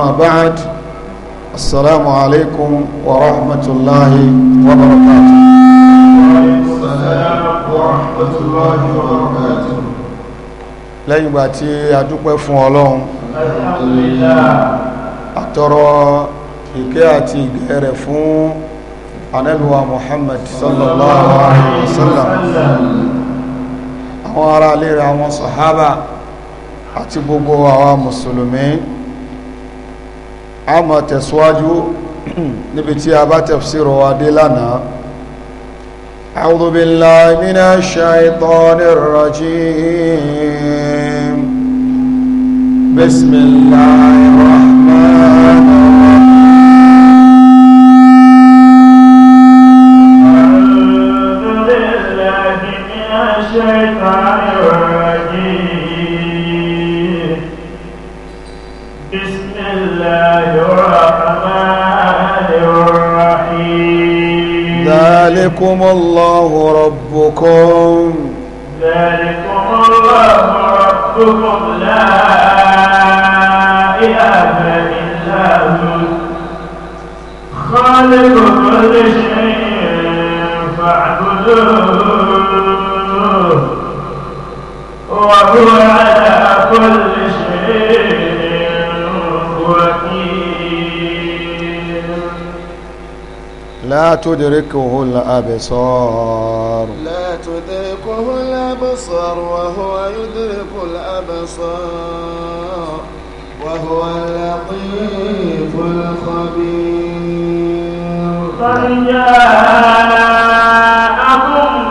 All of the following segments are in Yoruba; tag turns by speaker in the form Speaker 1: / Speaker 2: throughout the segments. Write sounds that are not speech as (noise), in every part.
Speaker 1: أما بعد السلام عليكم ورحمة الله وبركاته وعليكم السلام ورحمة الله وبركاته lẹ́yìn ìgbà tí a dúpẹ́ fún ọlọ́run àtọrọ ìkẹ́ àti ìgẹ́ rẹ̀ fún anẹ́lúwa Muhammad sallallahu alaihi wasallam àwọn ará ilé rẹ̀ àwọn sàhábà àti gbogbo àwọn mùsùlùmí a máa tẹ̀síwájú (clears throat) níbi tí a bá tafsiro wa dé lánàá أعوذ بالله من الشيطان الرجيم بسم الله ذلكم الله ربكم
Speaker 2: ذلكم الله ربكم لا إله إلا هو خالق كل شيء فاعبدوه وهو على كل شيء
Speaker 1: لا تدركه الأبصار
Speaker 2: لا تدركه الأبصار وهو يدرك الأبصار وهو اللطيف الخبير قد جاءكم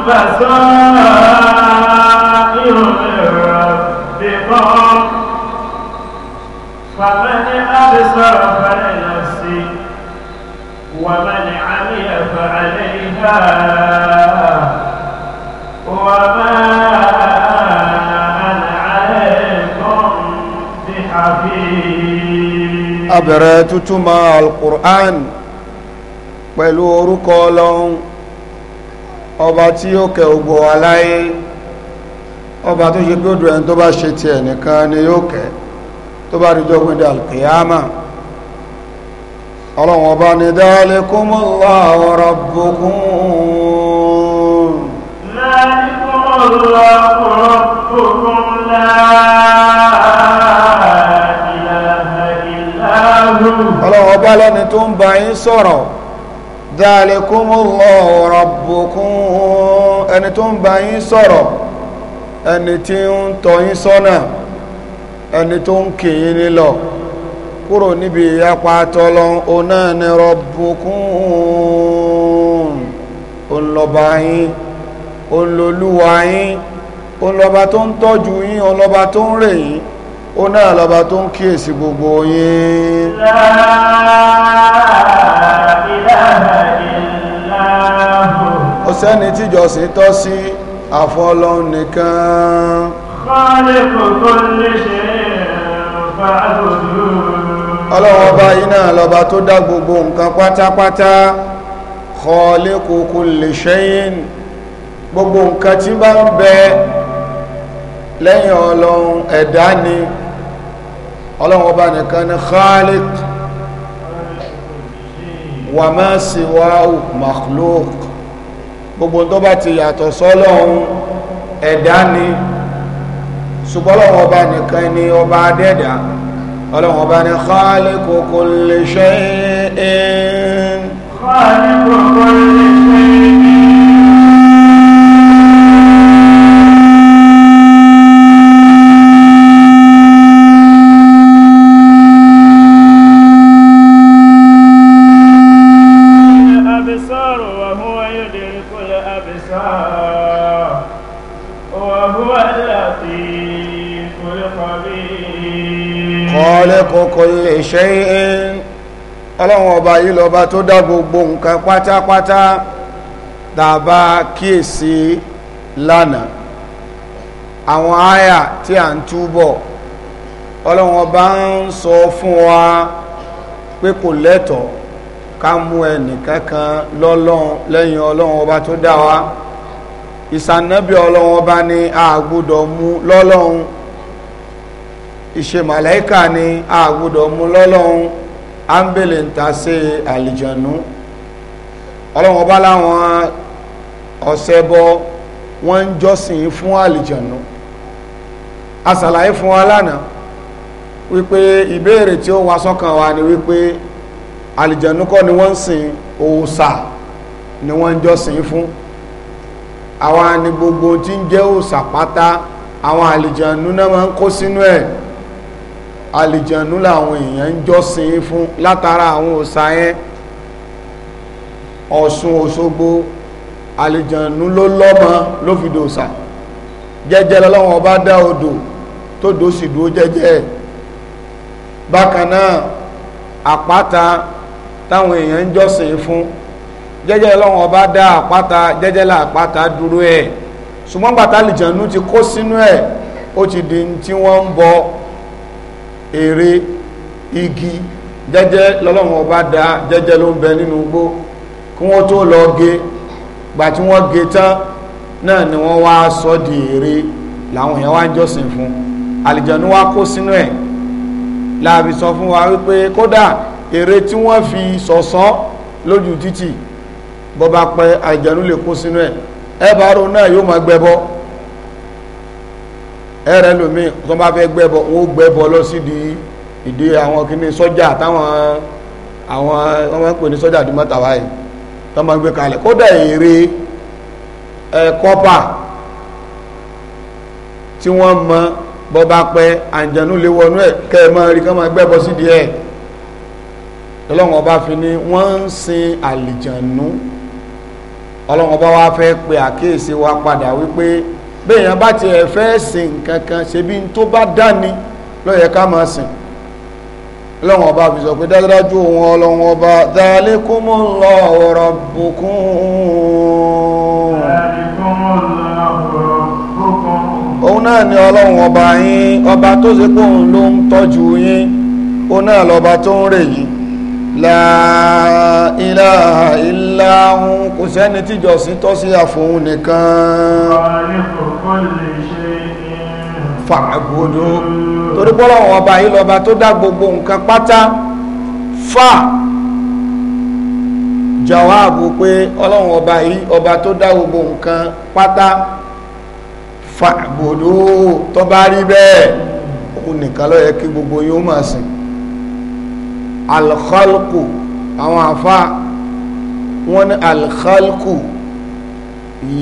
Speaker 2: بصائر من ربكم فمن أبصر فليس ومن عمل فعليها وما أنا عليكم بحفيظ
Speaker 1: أبرتتما القرآن pẹ̀lú orúkọ ọlọ́run ọba tí ó kẹ́ ògbò aláyé ọba tó ṣe gbódò ẹni tó bá ṣe tiẹ̀ nìkan ni yóò kẹ́ tó bá rí jọ́gbìn dàlùkìyàmá ọlọ́run ọba ní dhalikumullahu rabbukum
Speaker 2: dhalikumullahu rabbukum
Speaker 1: ọlọ́run ọba lẹ́ni tó ń bá yín sọ̀rọ̀ dhalikumullahu rabbukum ẹni tó ń bá yín sọ̀rọ̀ ẹni tí ń tọ́ yín sọ́nà ẹni tó ń kì yín nílọ kúrò níbi ìyapa tọ́lọ́n o náà ni rọ̀bùkún olùlọ́ba yín olùlọ́lúwa yín olùlọ́ba tó ń tọ́jú yín olùlọ́ba tó ń rè yín o náà tó ń kíyèsí gbogbo yín ó sẹ́ni tíjọsìn tọ́ sí àfọlọ́n nìkan
Speaker 2: خالق كل شيء فاعبدوه ọlọ́run ọba
Speaker 1: iná lọ́ba tó dá gbogbo nǹkan pátápátá khaliqu kulli shay'in gbogbo nǹkan tí bá ń bẹ lẹ́yìn ọlọ́run ẹ̀dá ni ọlọ́run ọba nìkan ni khaliq wa ma siwahu makhluq gbogbo tó bá ti yàtọ̀ sọ́lọ́run ẹ̀dá ni ṣùgbọ́n nìkan ni ọba adẹ́dàá ọlọ́run ọba ní khaliqu kulli shay'in khaliqu kulli shay'in khaliqu kulli shay'in ọlọ́run ọba yìí lọ́ba tó dá gbogbo nǹkan pátápátá tàbá kíyèsí lánàá àwọn àyà tí a ń túbọ̀ ọlọ́run ọba ń sọ fún wa pé kò lẹ́tọ̀ọ́ ká mú ẹnìkankan lọ́lọ́run lẹ́yìn ọlọ́run ọba tó dá wa ìsànnábì ọlọ́run ọba ni a gbọ́dọ̀ mú lọ́lọ́run ìṣe màláíkà ni a gbọ́dọ̀ mú lọ́lọ́run à ń ta sí àlìjànú ọlọ́run ọba láwọn ọ̀sẹ̀ bọ wọ́n ń jọ́sìn fún àlìjànú a fún wa lánàá wípé ìbéèrè tí ó wá sọ́kàn wa ni wípé àlìjànú kọ́ ni wọ́n ń sìn òòṣà ni wọ́n ń jọ́sìn fún àwa ni gbogbo tí ń jẹ́ òòṣà pátá àwọn àlìjànú náà máa ń kó sínú ẹ̀ àlìjànú làwọn èèyàn ń jọ́sìn fún látara àwọn òòṣà yẹn Ọ̀ṣun Òṣogbo àlìjànú ló lọ́mọ ló fi dòòṣà jẹ́jẹ́ lọ́wọ́ ọba dá odò tó dò sì dúró jẹ́jẹ́ bákan náà àpáta táwọn èèyàn ń jọ́sìn fún jẹ́jẹ́ lọ́wọ́ ọba dá àpáta jẹ́jẹ́ là dúró ẹ̀ ṣùgbọ́n gbàtà àlìjànú ti kó sínú ẹ̀ ó ti di tí wọ́n ń bọ ere igi jẹ́jẹ́ lọ́lọ́run ọba dá jẹ́jẹ́ ló ń bẹ nínú igbó kí wọ́n tó lọ ge gbà tí wọ́n ge tán náà ni wọ́n wá sọ di èrè làwọn èèyàn wá ń jọ́sìn fún àlìjànú wá kó sínú ẹ̀ láàbí sọ fún wa wípé kódà èrè tí wọ́n fi sọ̀sán lójú títì bọ́ba pẹ́ àlìjànú lè kó sínú ẹ̀ ẹ̀ bá ro náà yóò máa gbẹbọ́ ẹ̀rẹ́ lómi tó bá fẹ́ gbẹ́bọ wọ́n gbẹ́bọ lọ sí di ìdí àwọn kìíní sọ́jà táwọn àwọn ọmọ pè ní sọ́jà dìmọ́ tàwa yìí tó máa gbé kalẹ̀ kódà èrè kọ́pà tí wọ́n mọ bọ́ bá pẹ́ àǹjẹ̀nú lè wọnú ẹ̀ kẹ́ ẹ máa rí kọ́ máa gbẹ́bọ sí di ẹ̀ lọ́wọ́n ọba fi ni wọ́n ń sin àlìjànú ọlọ́wọ́n ọba wa fẹ́ pe àkíyèsí wa padà wípé bẹ́ẹ̀yàn bá ti ẹ̀fẹ́ sìn kankan ṣe bí tó bá dání lọ́yẹ ká máa sìn lọ́wọ́n ọba fi sọ pé dájúdájú òun ọlọ́wọ́n ọba dhalikumullahu rabbukum òun náà ni ọlọ́wọ́n ọba yín ọba tó ṣe pé òun ló ń tọ́jú yín òun náà lọ́ba tó ń rè yín la ilaha illa hu kò sẹ́ni tíjọsìn tọ́ sí àfòun nìkan fàgbódó torí pọ́lọ́wọ́ ọba yìí lọ́ba tó dá gbogbo nǹkan pátá fà jàwáàbù pé ọlọ́run ọba yìí ọba tó dá gbogbo nǹkan pátá fàgbódó tó bá rí bẹ́ẹ̀ òun nìkan ló kí gbogbo yín máa sìn alkhalku àwọn àfa wọn ní alkhalku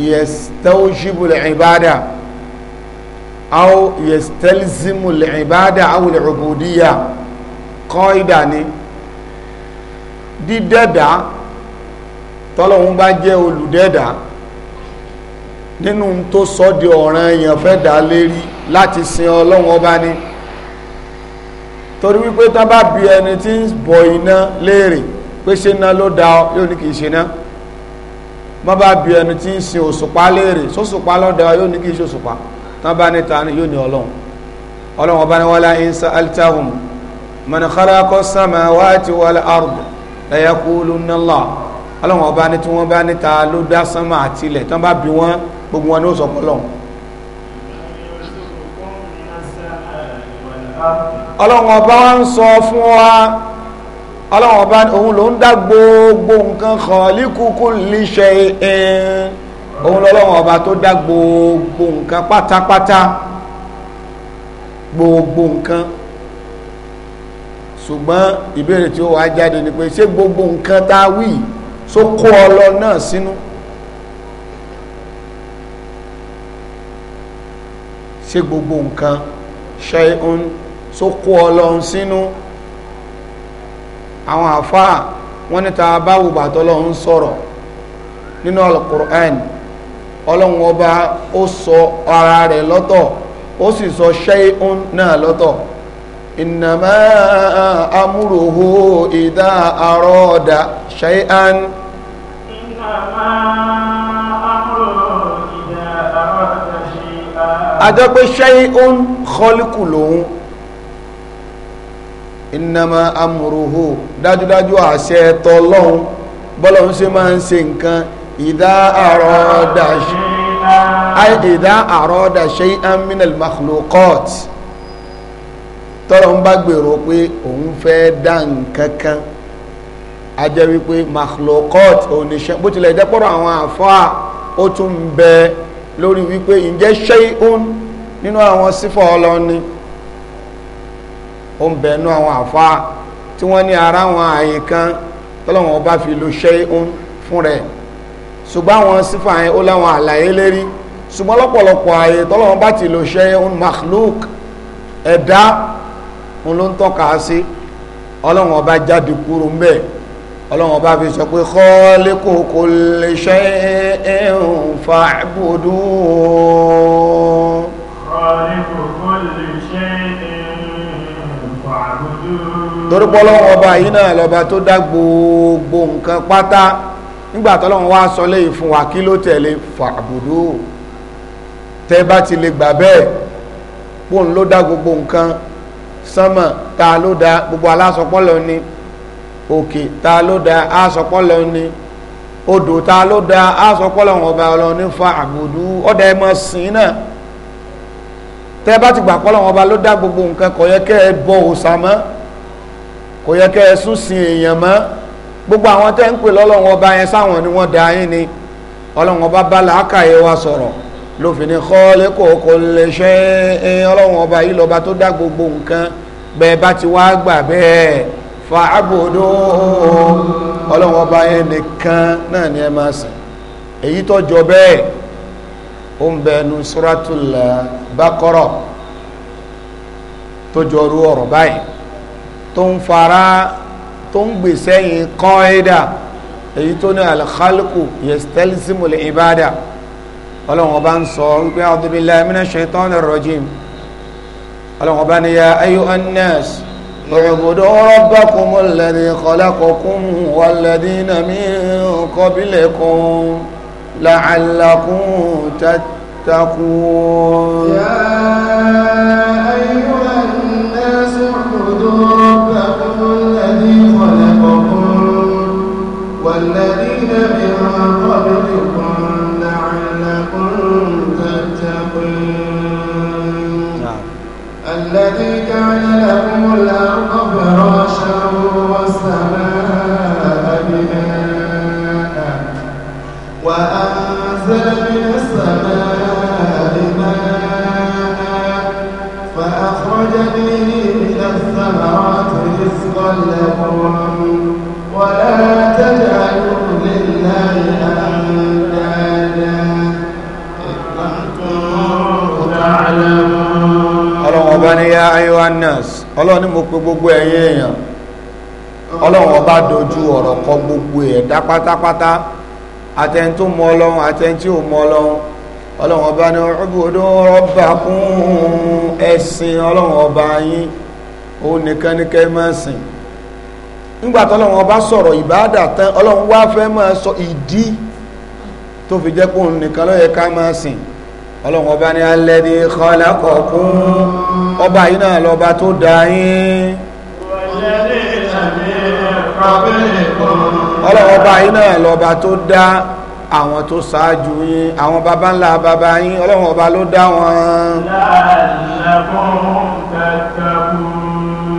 Speaker 1: yastawjibu al-ibada aw yastalzimu al-ibada aw al-ubudiyya qaida ni dídẹ́dà tọ́lọ́hun bá jẹ́ olùdẹ́dà nínú tó sọ́ di ọ̀ranyàn fẹ́ dá lérí láti sin ọlọ́run ọba ni torí wípé tán bá bi ẹni tí ń bọ iná léèrè pé ṣe iná ló da ọ yóò ní kì í ṣe iná má bá bi ẹni tí ń sin òṣùpá léèrè sóṣùpá ló da ọ yóò ní kì í ṣe òṣùpá tán bá ní ta ni yóò ní ọlọ́run ọlọ́run ọba ni wala in sa'altahum man khalaqa samawati wal ard la yaqulunna Allah ọlọ́run ọba ni tí wọ́n bá ní ta ló dá sánmà àtilẹ̀ tán bá bi wọ́n gbogbo wọn ni ó sọ ọlọ́run ọba wa ń sọ fún wa ọlọ́run ọba òun ló ń dá gbogbo nǹkan khaliqu kulli shay'in òun lọ́lọ́run ọba tó dá gbogbo nǹkan pátápátá gbogbo nǹkan ṣùgbọ́n ìbéèrè tí ó wá jáde ni pé ṣé gbogbo nǹkan tá a wí só kó ọlọ náà sínú ṣé gbogbo nǹkan ṣe ń so kó ọlọ́run sínú àwọn àfáà wọ́n ní ta bá wùgbà tọ́lọ́run sọ̀rọ̀ nínú alukur'an ọlọ́run ọba ó sọ ara rẹ̀ lọ́tọ̀ ó sì sọ ṣẹ́yún náà lọ́tọ̀ ìnàmá amúròhó ìdá àrọ́ọ̀dà ṣẹ́yán a jẹ́ pé ṣẹ́yún kọ́líkù lòun ìnàmà amúrùhù dájúdájú àṣẹ tọlọ́hún bọ́lọ́hún ṣe máa ń ṣe nǹkan ìdá àrọ́dà ìdá àrọ́dà ṣe ń minal makhlukot tọ́lọ́hún bá gbèrò pé òun fẹ́ dá nǹkan kan a jẹ́ wípé makhlukot oníṣẹ́ bó tilẹ̀ dẹ́pọ̀rọ̀ àwọn àfáà ó tún ń bẹ lórí wípé ǹjẹ́ ṣe nínú àwọn sífọ̀ ọlọ́ni ó ń bẹnu àwọn àfa tí wọ́n ní ara àwọn àyè kan tọ́lọ́wọ́n bá fi lo ṣe ń fún rẹ̀ ṣùgbọ́n àwọn sífà yẹn ó láwọn àlàyé lérí ṣùgbọ́n lọ́pọ̀lọpọ̀ àyè tọ́lọ́wọ́n bá ti lo ṣe ń makhluk ẹ̀dá ń ló ń tọ́ka sí ọlọ́wọ́n bá jáde kúrò ń bẹ́ẹ̀ ọlọ́wọ́n bá fi sọ pé khaliqu kulli shay'in fa'budu
Speaker 2: torí pé ọlọ́run ọba
Speaker 1: yìí náà lọ́ba tó dá gbogbo nǹkan pátá nígbà tọ́lọ́run wá sọ léyìí fún wa kí ló tẹ̀lé fàbùdó tẹ́ bá ti lè gbà bẹ́ẹ̀ pòun ló dá gbogbo nǹkan sánmà ta ló dá gbogbo alásọpọ́lọ ni òkè ta ló dá asọpọ́lọ ni odò ta ló dá asọpọ́lọ ọba ọlọ́run ní fàbùdó ọ̀dà ẹ̀ sìn náà tẹ́ bá ti gbà pọ́lọ́run ọba ló dá gbogbo nǹkan kò yẹ kẹ́ ẹ bọ òòṣà kò yẹ kẹ́ ẹ sún sin èèyàn mọ́ gbogbo àwọn tẹ́ ń pè lọ́lọ́run ọba yẹn sáwọn ni wọ́n da yín ni ọlọ́run ọba bá làákàyè wa sọ̀rọ̀ lófin ní kọ́lé kò kò lè ṣe é ọlọ́run ọba yìí lọ́ba tó dá gbogbo nǹkan bẹ́ẹ̀ bá ti wá gbà bẹ́ẹ̀ fa agbòdo ọlọ́run ọba yẹn nìkan náà ni ẹ máa sìn èyí tó jọ bẹ́ẹ̀ ó ń bẹnu suratul Baqara tó jọ rú ọ̀rọ̀ báyìí tó ń fara tó ń gbèsè yìí kọ́ ẹ̀dà èyí tó ní alkhalku yestelsimul ibada ọlọ́run ọba ń sọ wípé a'udhu billahi minash shaitanir rajim ọlọ́run ọba ni ya ayyuhan nas u'budu rabbakumul ladhi khalaqakum wal ladhina min qablikum la'allakum tattaqun.
Speaker 2: والذين من قبلكم لعلكم تتقون نعم. الذي جعل لكم الأرض فراشا والسماء بناء وأنزل من السماء ماء فأخرج به من الثمرات رزقا لكم
Speaker 1: ní yá ayohannes ọlọ́run ní mo pe gbogbo ẹ̀yin èèyàn ọlọ́run ọba dojú ọ̀rọ̀ kọ gbogbo ẹ̀dá pátápátá àtẹni tó mọ ọlọ́run àtẹni tí ò mọ ọlọ́run ọlọ́run ọba ní ọgbọdọ ọba kún ẹ̀sìn ọlọ́run ọba yín òun nìkan ní kẹ́ máa sìn nígbà tó ọlọ́run ọba sọ̀rọ̀ ìbáàdà tán ọlọ́run wá fẹ́ máa sọ ìdí tó fi jẹ́ pé nìkan ló ká máa sìn ọlọ́run ọba ní alladhi khalaqakum ọba yìí náà lọ́ba tó dá yín ọlọ́wọ́ ọba yìí náà lọ́ba tó dá àwọn tó ṣáájú yín àwọn baba ńlá baba yín ọlọ́wọ́ ọba ló dá wọn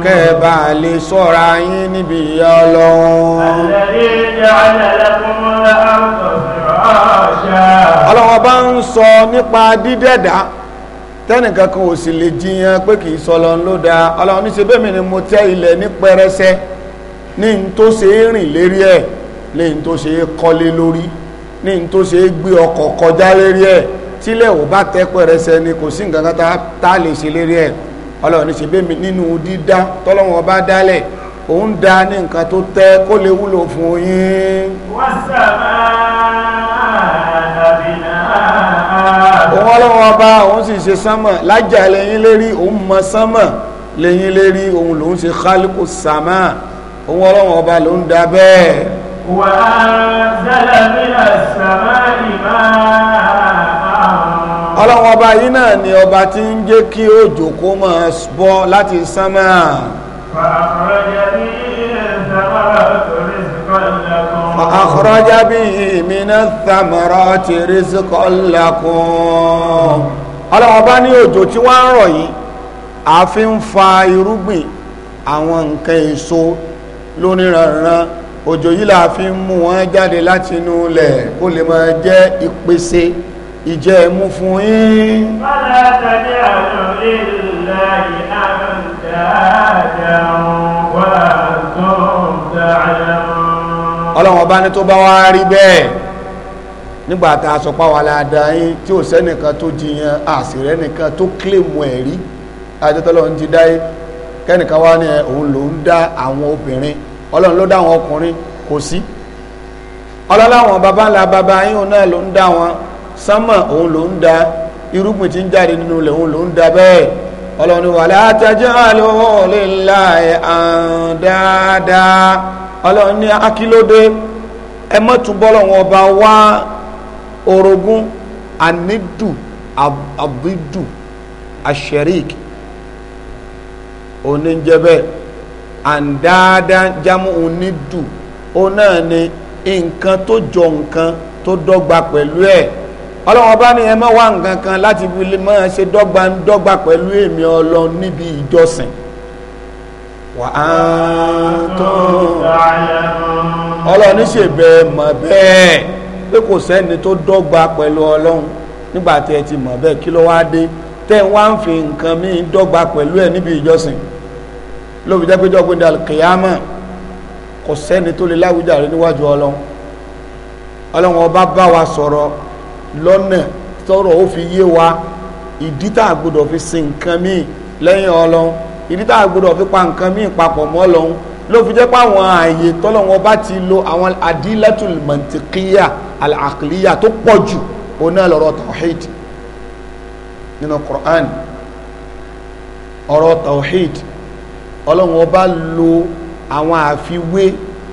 Speaker 1: kẹ́ẹ̀bà lè ṣọ́ra yín níbi ìyà ọlọ́run ọlọ́wọ́ ọba ń sọ nípa dídẹ̀dá tẹ́nìkan kan ò sì lè jiyàn pé kì í sọlọ ló da ọlọ́run ní ṣe ni mo tẹ́ ilẹ̀ ní pẹrẹsẹ ní n tó ṣe é rìn lérí ẹ̀ ní n tó ṣe é kọ́lé lórí ní n tó ṣe é gbé ọkọ̀ kọjá lérí ẹ̀ tílẹ̀ ò bá tẹ́ pẹrẹsẹ ni kò sí nǹkan kan tá a lè ṣe lérí ẹ̀ ọlọ́run ní ṣe bẹ́mi nínú dídá tọ́lọ́wọ́n bá dálẹ̀ òun dá ní nǹkan tó tẹ́ kó lè wúlò fún yín. wọ́n sábà òun ọlọ́run ọba òun sì ṣe sánmọ̀ lájà lẹ́yìn lérí òun mọ sánmọ̀ lẹ́yìn lérí òun lòun ṣe kálíkù sàmà òun ọlọ́run ọba ló ń da bẹ́ẹ̀. wà á
Speaker 2: zẹ́lẹ̀ nílà sàmà ìmá
Speaker 1: ọlọ́run ọba yìí náà ni ọba tí ń jẹ́ kí òjò kó máa bọ́ láti sánmọ̀. fàkọrọ
Speaker 2: jẹ́ bí ìrẹsẹ̀ wà lórí ìsìnkọ́ ìlẹ̀kọ́.
Speaker 1: أخرج به من الثمرات رزقا لكم ọlọ́wọ́ bá ní òjò tí wọ́n ń rọ̀ yìí a fi ń fa irúgbìn àwọn nǹkan èso lóníranran òjò yìí la fi ń mú wọn jáde láti inú ilẹ̀ kó lè máa jẹ́ ìpèsè ìjẹ́ ẹ̀mú fún yín. bọ́lá àwọn
Speaker 2: ìlà
Speaker 1: ìhàmdà àjà wà tó
Speaker 2: ń dà
Speaker 1: ọlọ́run ọba ní tó bá wá rí bẹ́ẹ̀ nígbà tá a sọ pa wà láàdáa yín tí ò sẹ́nìkan tó jiyàn àṣìrẹ́ nìkan tó kílèmù ẹ̀rí ajọ́tọ́lọ́run ti dáyé kẹ́nìkan wá ní òun lòún dá àwọn obìnrin ọlọ́run ló dá àwọn ọkùnrin kò sí ọlọ́láwọn baba ńlá baba yín òun náà ló ń dá wọn sánmọ̀ òun ló ń dá irúgbìn tí ń jáde nínú ilẹ̀ òun ló ń dá bẹ́ẹ̀ ọlọ́run wala taj'alu lillahi andada ọlọ́run ní akílódé ẹ mọ́tún bọ́lọ̀wọ́n wá orogún anidu abidu asherik oníjẹ́bẹ̀ àndáadá jámù onídù ó ni nǹkan tó jọ nǹkan tó dọ́gba pẹ̀lú ẹ̀ ọlọ́run ọba ní ẹ wá nǹkan kan láti fi lè máa ṣe dọ́gba ń dọ́gba pẹ̀lú èmi ọlọ́run níbi ìjọsìn wà á tún ọlọ́run ṣe bẹ́ẹ̀ mọ̀ bẹ́ẹ̀ pé kò sẹ́ni tó dọ́gba pẹ̀lú ọlọ́run nígbà tí ẹ ti mọ̀ bẹ́ẹ̀ kí ló wá dé tẹ́ ń wá ń fi nǹkan míì dọ́gba pẹ̀lú ẹ níbi ìjọsìn ló jẹ́ pé jọ́gbìn kìyàmọ̀ kò sẹ́ni tó lè láwùjáre níwájú ọlọ́run ọlọ́run ọba bá wa sọ̀rọ̀ lọ́nà tọ́rọ̀ ó fi yé wa ìdí tá a gbọ́dọ̀ fi sin nǹkan míì lẹ́yìn ọlọ́run ìdí tá a gbọdọ̀ fi pa nǹkan míì papọ̀ mọ́ lọ́hún ló fi jẹ́ pé àwọn ààyè tọ́lọ́wọ́n bá ti lo àwọn adilatul mantikiya al-aqliya tó pọ̀ jù òun náà lọ́rọ̀ tawhid nínú Qur'an ọ̀rọ̀ tawhid ọlọ́run ọba lo àwọn àfiwé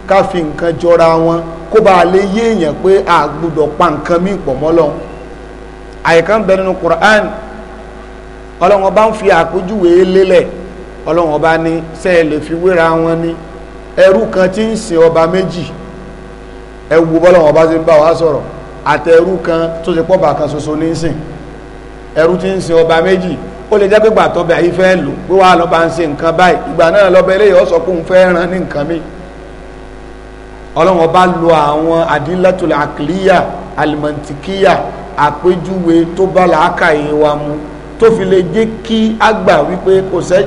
Speaker 1: ká fi nǹkan jọra wọn kó bá lè yé èèyàn pé a gbọ́dọ̀ pa nǹkan míì pọ̀ mọ́ lọ́hún àyíká ń bẹ nínú Qur'an ọlọ́run ọba ń fi àpèjúwe lélẹ̀ ọlọ́run ọba ní sẹ́ẹ̀ lè fi wéra wọn ní ẹrú kan tí ń sin ọba méjì ẹ wo bọ́lọ́run ọba ti ń bá wa sọ̀rọ̀ àtẹrú kan tó ṣe pọ́ba kan ṣoṣo ní sìn ẹrú tí ń sin ọba méjì ó lè jẹ́ pé gbà tọ́bẹ̀ ayé fẹ́ lò pé wàá lọ́ba ń ṣe nǹkan báyìí ìgbà náà lọ́ba eléyìí ó sọ pé fẹ́ ràn ní nǹkan mi ọlọ́run ọba lo àwọn àdínlẹ́tòlẹ̀ àkìlíyà àlìmọ̀ntìkíyà àpéjúwe tó bá làákàyè wa mu tó fi lè jẹ́ kí a gbà wípé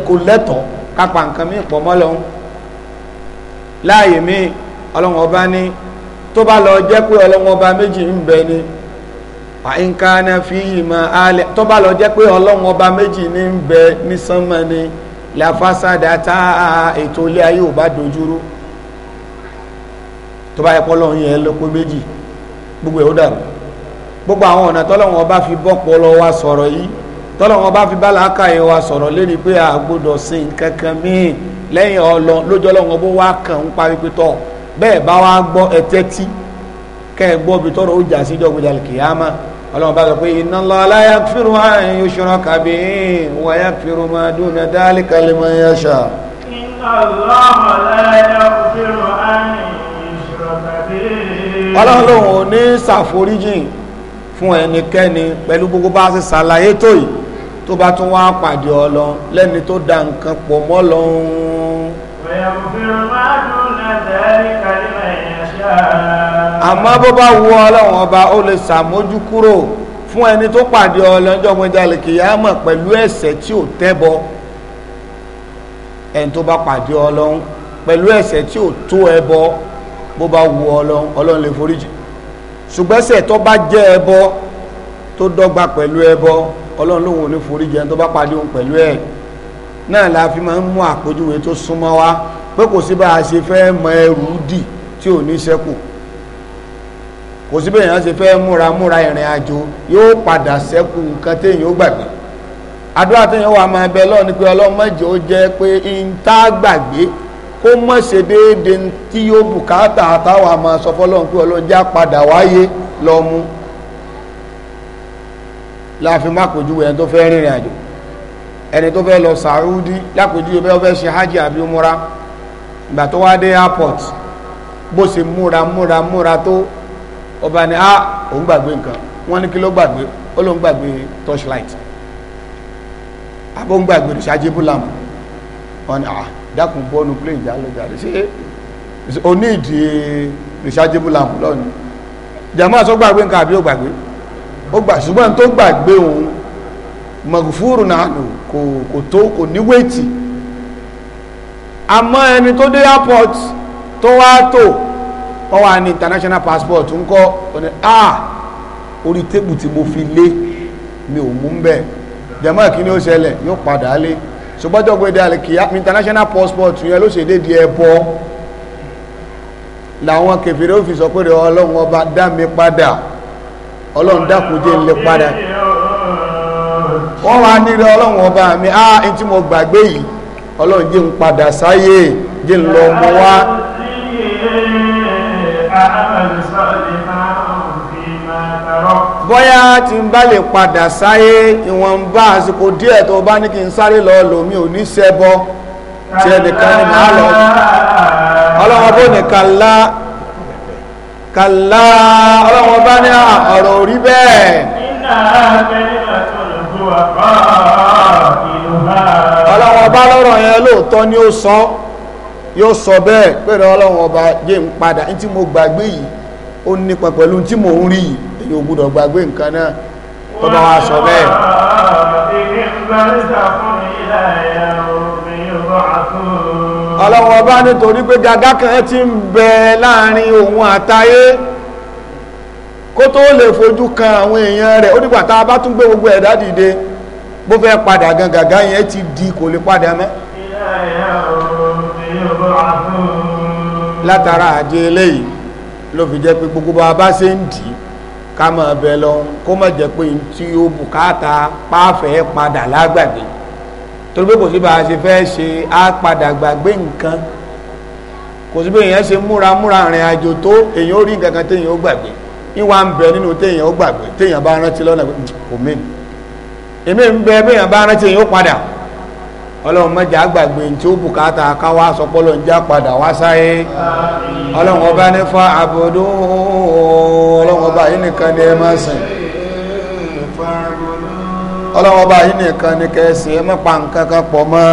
Speaker 1: kò lẹ́tọ̀ọ́ kápá nǹkan mí pọ̀ mọ́ lọ́hún láàyè mí ọlọ́run ọba ní tó bá lọ jẹ́ pé ọlọ́run ọba méjì ń bẹ ni fi ìmọ̀ alẹ́ tó bá lọ jẹ́ pé ọlọ́run ọba méjì ní ń bẹ ní sánmọ́ ni làfásádà tá ètò ilé ayé ò bá dojúrú tó gbogbo ẹ̀ ó dàrú gbogbo àwọn ọ̀nà tọ́lọ́run ọba fi bọ́ pọ̀ tọ́lọ̀ wọn bá fi bá làákàyè wa sọ̀rọ̀ lérí pé a gbọ́dọ̀ ṣe nǹkan kan míì lẹ́yìn ọlọ lójọ́ lọ́wọ́ bó wá kàn ń parí pé tọ́ bẹ́ẹ̀ bá wá gbọ́ ẹtẹ́ tí kẹ́ ẹ gbọ́ bí tọ́rọ̀ ó jà sí ìjọba ìjà kìyàmá ọlọ́run bá sọ pé inna Allaha la yaghfiru an yushraka bihi wa yaghfiru ma duna dhalika liman yasha.
Speaker 2: inna Allaha la yaghfiru an yushraka ò
Speaker 1: ní ṣàforíjìn fún ẹnikẹ́ni pẹ̀lú gbogbo bá a ṣe ṣàlàyé tó yìí tó bá tún wá pàdé ọlọ́run lẹ́ni tó da nǹkan pọ̀ mọ́ lọ́hún. àmọ́ bó bá wu ọlọ́run ọba ó lè ṣàmójú kúrò fún ẹni tó pàdé ọlọ́run jọ̀gbọ́n jalè kìyàmọ̀ pẹ̀lú ẹ̀ṣẹ̀ tí ò tẹ́bọ ẹni tó bá pàdé ọlọ́run pẹ̀lú ẹ̀ṣẹ̀ tí ò tó ẹbọ bó bá wu ọlọ́run ọlọ́run lè foríjì ṣùgbẹ́sẹ̀ tó bá jẹ́ ẹbọ tó dọ́gba pẹ̀lú ẹbọ ọlọ́run lòun ò ní forí jẹun tó bá pàdé òun pẹ̀lú ẹ̀ náà la fi máa ń mú àpèjúwe tó súnmọ́ wa pé kò sí bá a ṣe fẹ́ mọ ẹrù dì tí ò ní ṣẹ́kù kò sí bẹ́ẹ̀ yẹn ṣe fẹ́ múra múra ìrìn àjò yóò padà ṣẹ́kù nǹkan téèyàn ó gbàgbé àdúrà téèyàn wà máa bẹ lọ́ọ̀ ni pé ọlọ́mọdé ó jẹ́ pé n tá gbàgbé kó mọ̀ ṣe déédéé tí yóò bùkátà táwa máa sọ fọlọ́run pé ọlọ́run padà wáyé lọ́mú láàfin má pèjúwe ẹni tó fẹ́ rìnrìn àjò ẹni tó fẹ́ lọ sàrúdí lápèjúwe bẹ́ẹ̀ fẹ́ ṣe hajj àbí múra ìgbà tó wá dé airport bó ṣe múra múra múra tó ọba ni a ah, òun gbàgbé nǹkan wọ́n ní kí ló gbàgbé ó ló ń gbàgbé torchlight àbó ń gbàgbé ìṣáájú búlámù wọ́n ni ah dákun bọ́nu plane jálọ́jàre ṣé onídìí rechargeable lamp lọ́nà jama sọ gbàgbé nǹkan àbí ó gbàgbé ó gbà ṣùgbọ́n tó gbàgbé òun magufuru nàánù kò kò tó kò ní wéètì àmọ́ ẹni tó dé airport tó wá tó wọ́n wà ní international passport ń kọ́ ọ̀nà à orí tébù tí mo fi lé mi ò mú bẹ́ẹ̀ jẹ́mọ́ kí ni ó ṣẹlẹ̀ yóò padà lé ṣùgbọ́jọ́ pé dé alẹ́ kìí international passport yẹn ló ṣe dédé ẹ̀pọ̀ làwọn kẹfìrí ó fi sọ pé ọlọ́run ọba dá mi padà ọlọ́run dákun jẹ́ padà
Speaker 2: wọ́n wá nílẹ̀
Speaker 1: ọlọ́run ọba mi á tí mo gbàgbé yìí ọlọ́run ń padà sáyé jẹ́ ń lọ mọ́ wá bóyá tí ń bá lè padà sáyé àsìkò díẹ̀ tó bá ní kí n sáré kàlá ọlọ́wọ́n bá ní ọ̀rọ̀ orí bẹ́ẹ̀ ọlọ́wọ́n bá lọ́rọ̀ yẹn lóòótọ́ ni ó sọ yóò sọ bẹ́ẹ̀ pẹ̀lú ọlọ́wọ́n ọba jẹ́ ń padà ní tí mo gbàgbé yìí ó nípa pẹ̀lú tí mo ń rí yìí èyí ò gbúdọ̀ gbàgbé nǹkan náà tó bá wá sọ bẹ́ẹ̀ ìgbàlẹ́sà
Speaker 2: fún ilẹ̀ ẹ̀yà òfin ọgbọ́n àtúrò
Speaker 1: ọlọ́run ọba nítorí pé gàgá kan ti ń bẹ láàrin òun àtayé kó tó lè fojú kan àwọn èèyàn rẹ̀ ó dìgbà tá a bá tún gbé gbogbo ẹ̀dá dìde bó fẹ́ padà gan gàgá yẹn ti di kò lè padà mẹ́ látara àdé eléyìí ló fi jẹ́ pé gbogbo bá a bá ṣe ń dì ká máa bẹ lọ kó má jẹ́ pé tí ó bùkátà pàfẹ́ padà lágbàgbé torí pé kò sí bá a ṣe fẹ́ ṣe á padà gbàgbé nǹkan kò sí pé èèyàn ṣe múra múra rìn àjò tó èèyàn ó rí nǹkan kan téèyàn ó gbàgbé ìwà ń bẹ nínú téèyàn ó gbàgbé téèyàn bá rántí lọ́nà hmm, kò mí èmi ń bẹ béèyàn bá rántí èèyàn ó padà ọlọ́run mọ́jà gbàgbé tí ó bùkátà káwá sọpọ́lọ́ ń já padà wá sáyé ọlọ́run ọba ní fa àbòdó ọlọ́run ọba yìí nìkan ni ẹ máa sìn ọlọ́run ọba yìí nìkan ní kẹsì ẹ mọ́pa nǹkan kan pọ̀ mọ́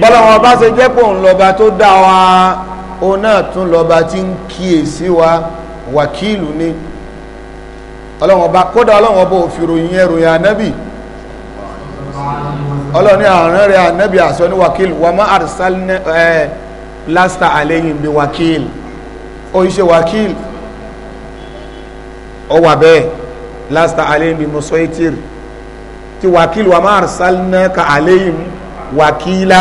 Speaker 1: bọ́lọ́run ọba ṣe jẹ́ pò ń lọ́ba tó dá wa ó náà tún lọ́ba tí ń kíyèsí wa wàkíìlù ni ọlọ́run ọba kódà ọlọ́run ọba òfin ròyìn ẹrù yẹn ànábì ọlọ́ni àrùn rẹ̀ ànábì àṣọ ní wakil wà má àrísàlẹ̀ lásìtà àlẹ́yìn bí wakil o ṣe wakil ọwà bẹ́ẹ̀ lásìtà aléyìnbí mọ̀sọ́ẹ́tìr ti wàkíl wà máa sálínà ka aléyìn wàkílá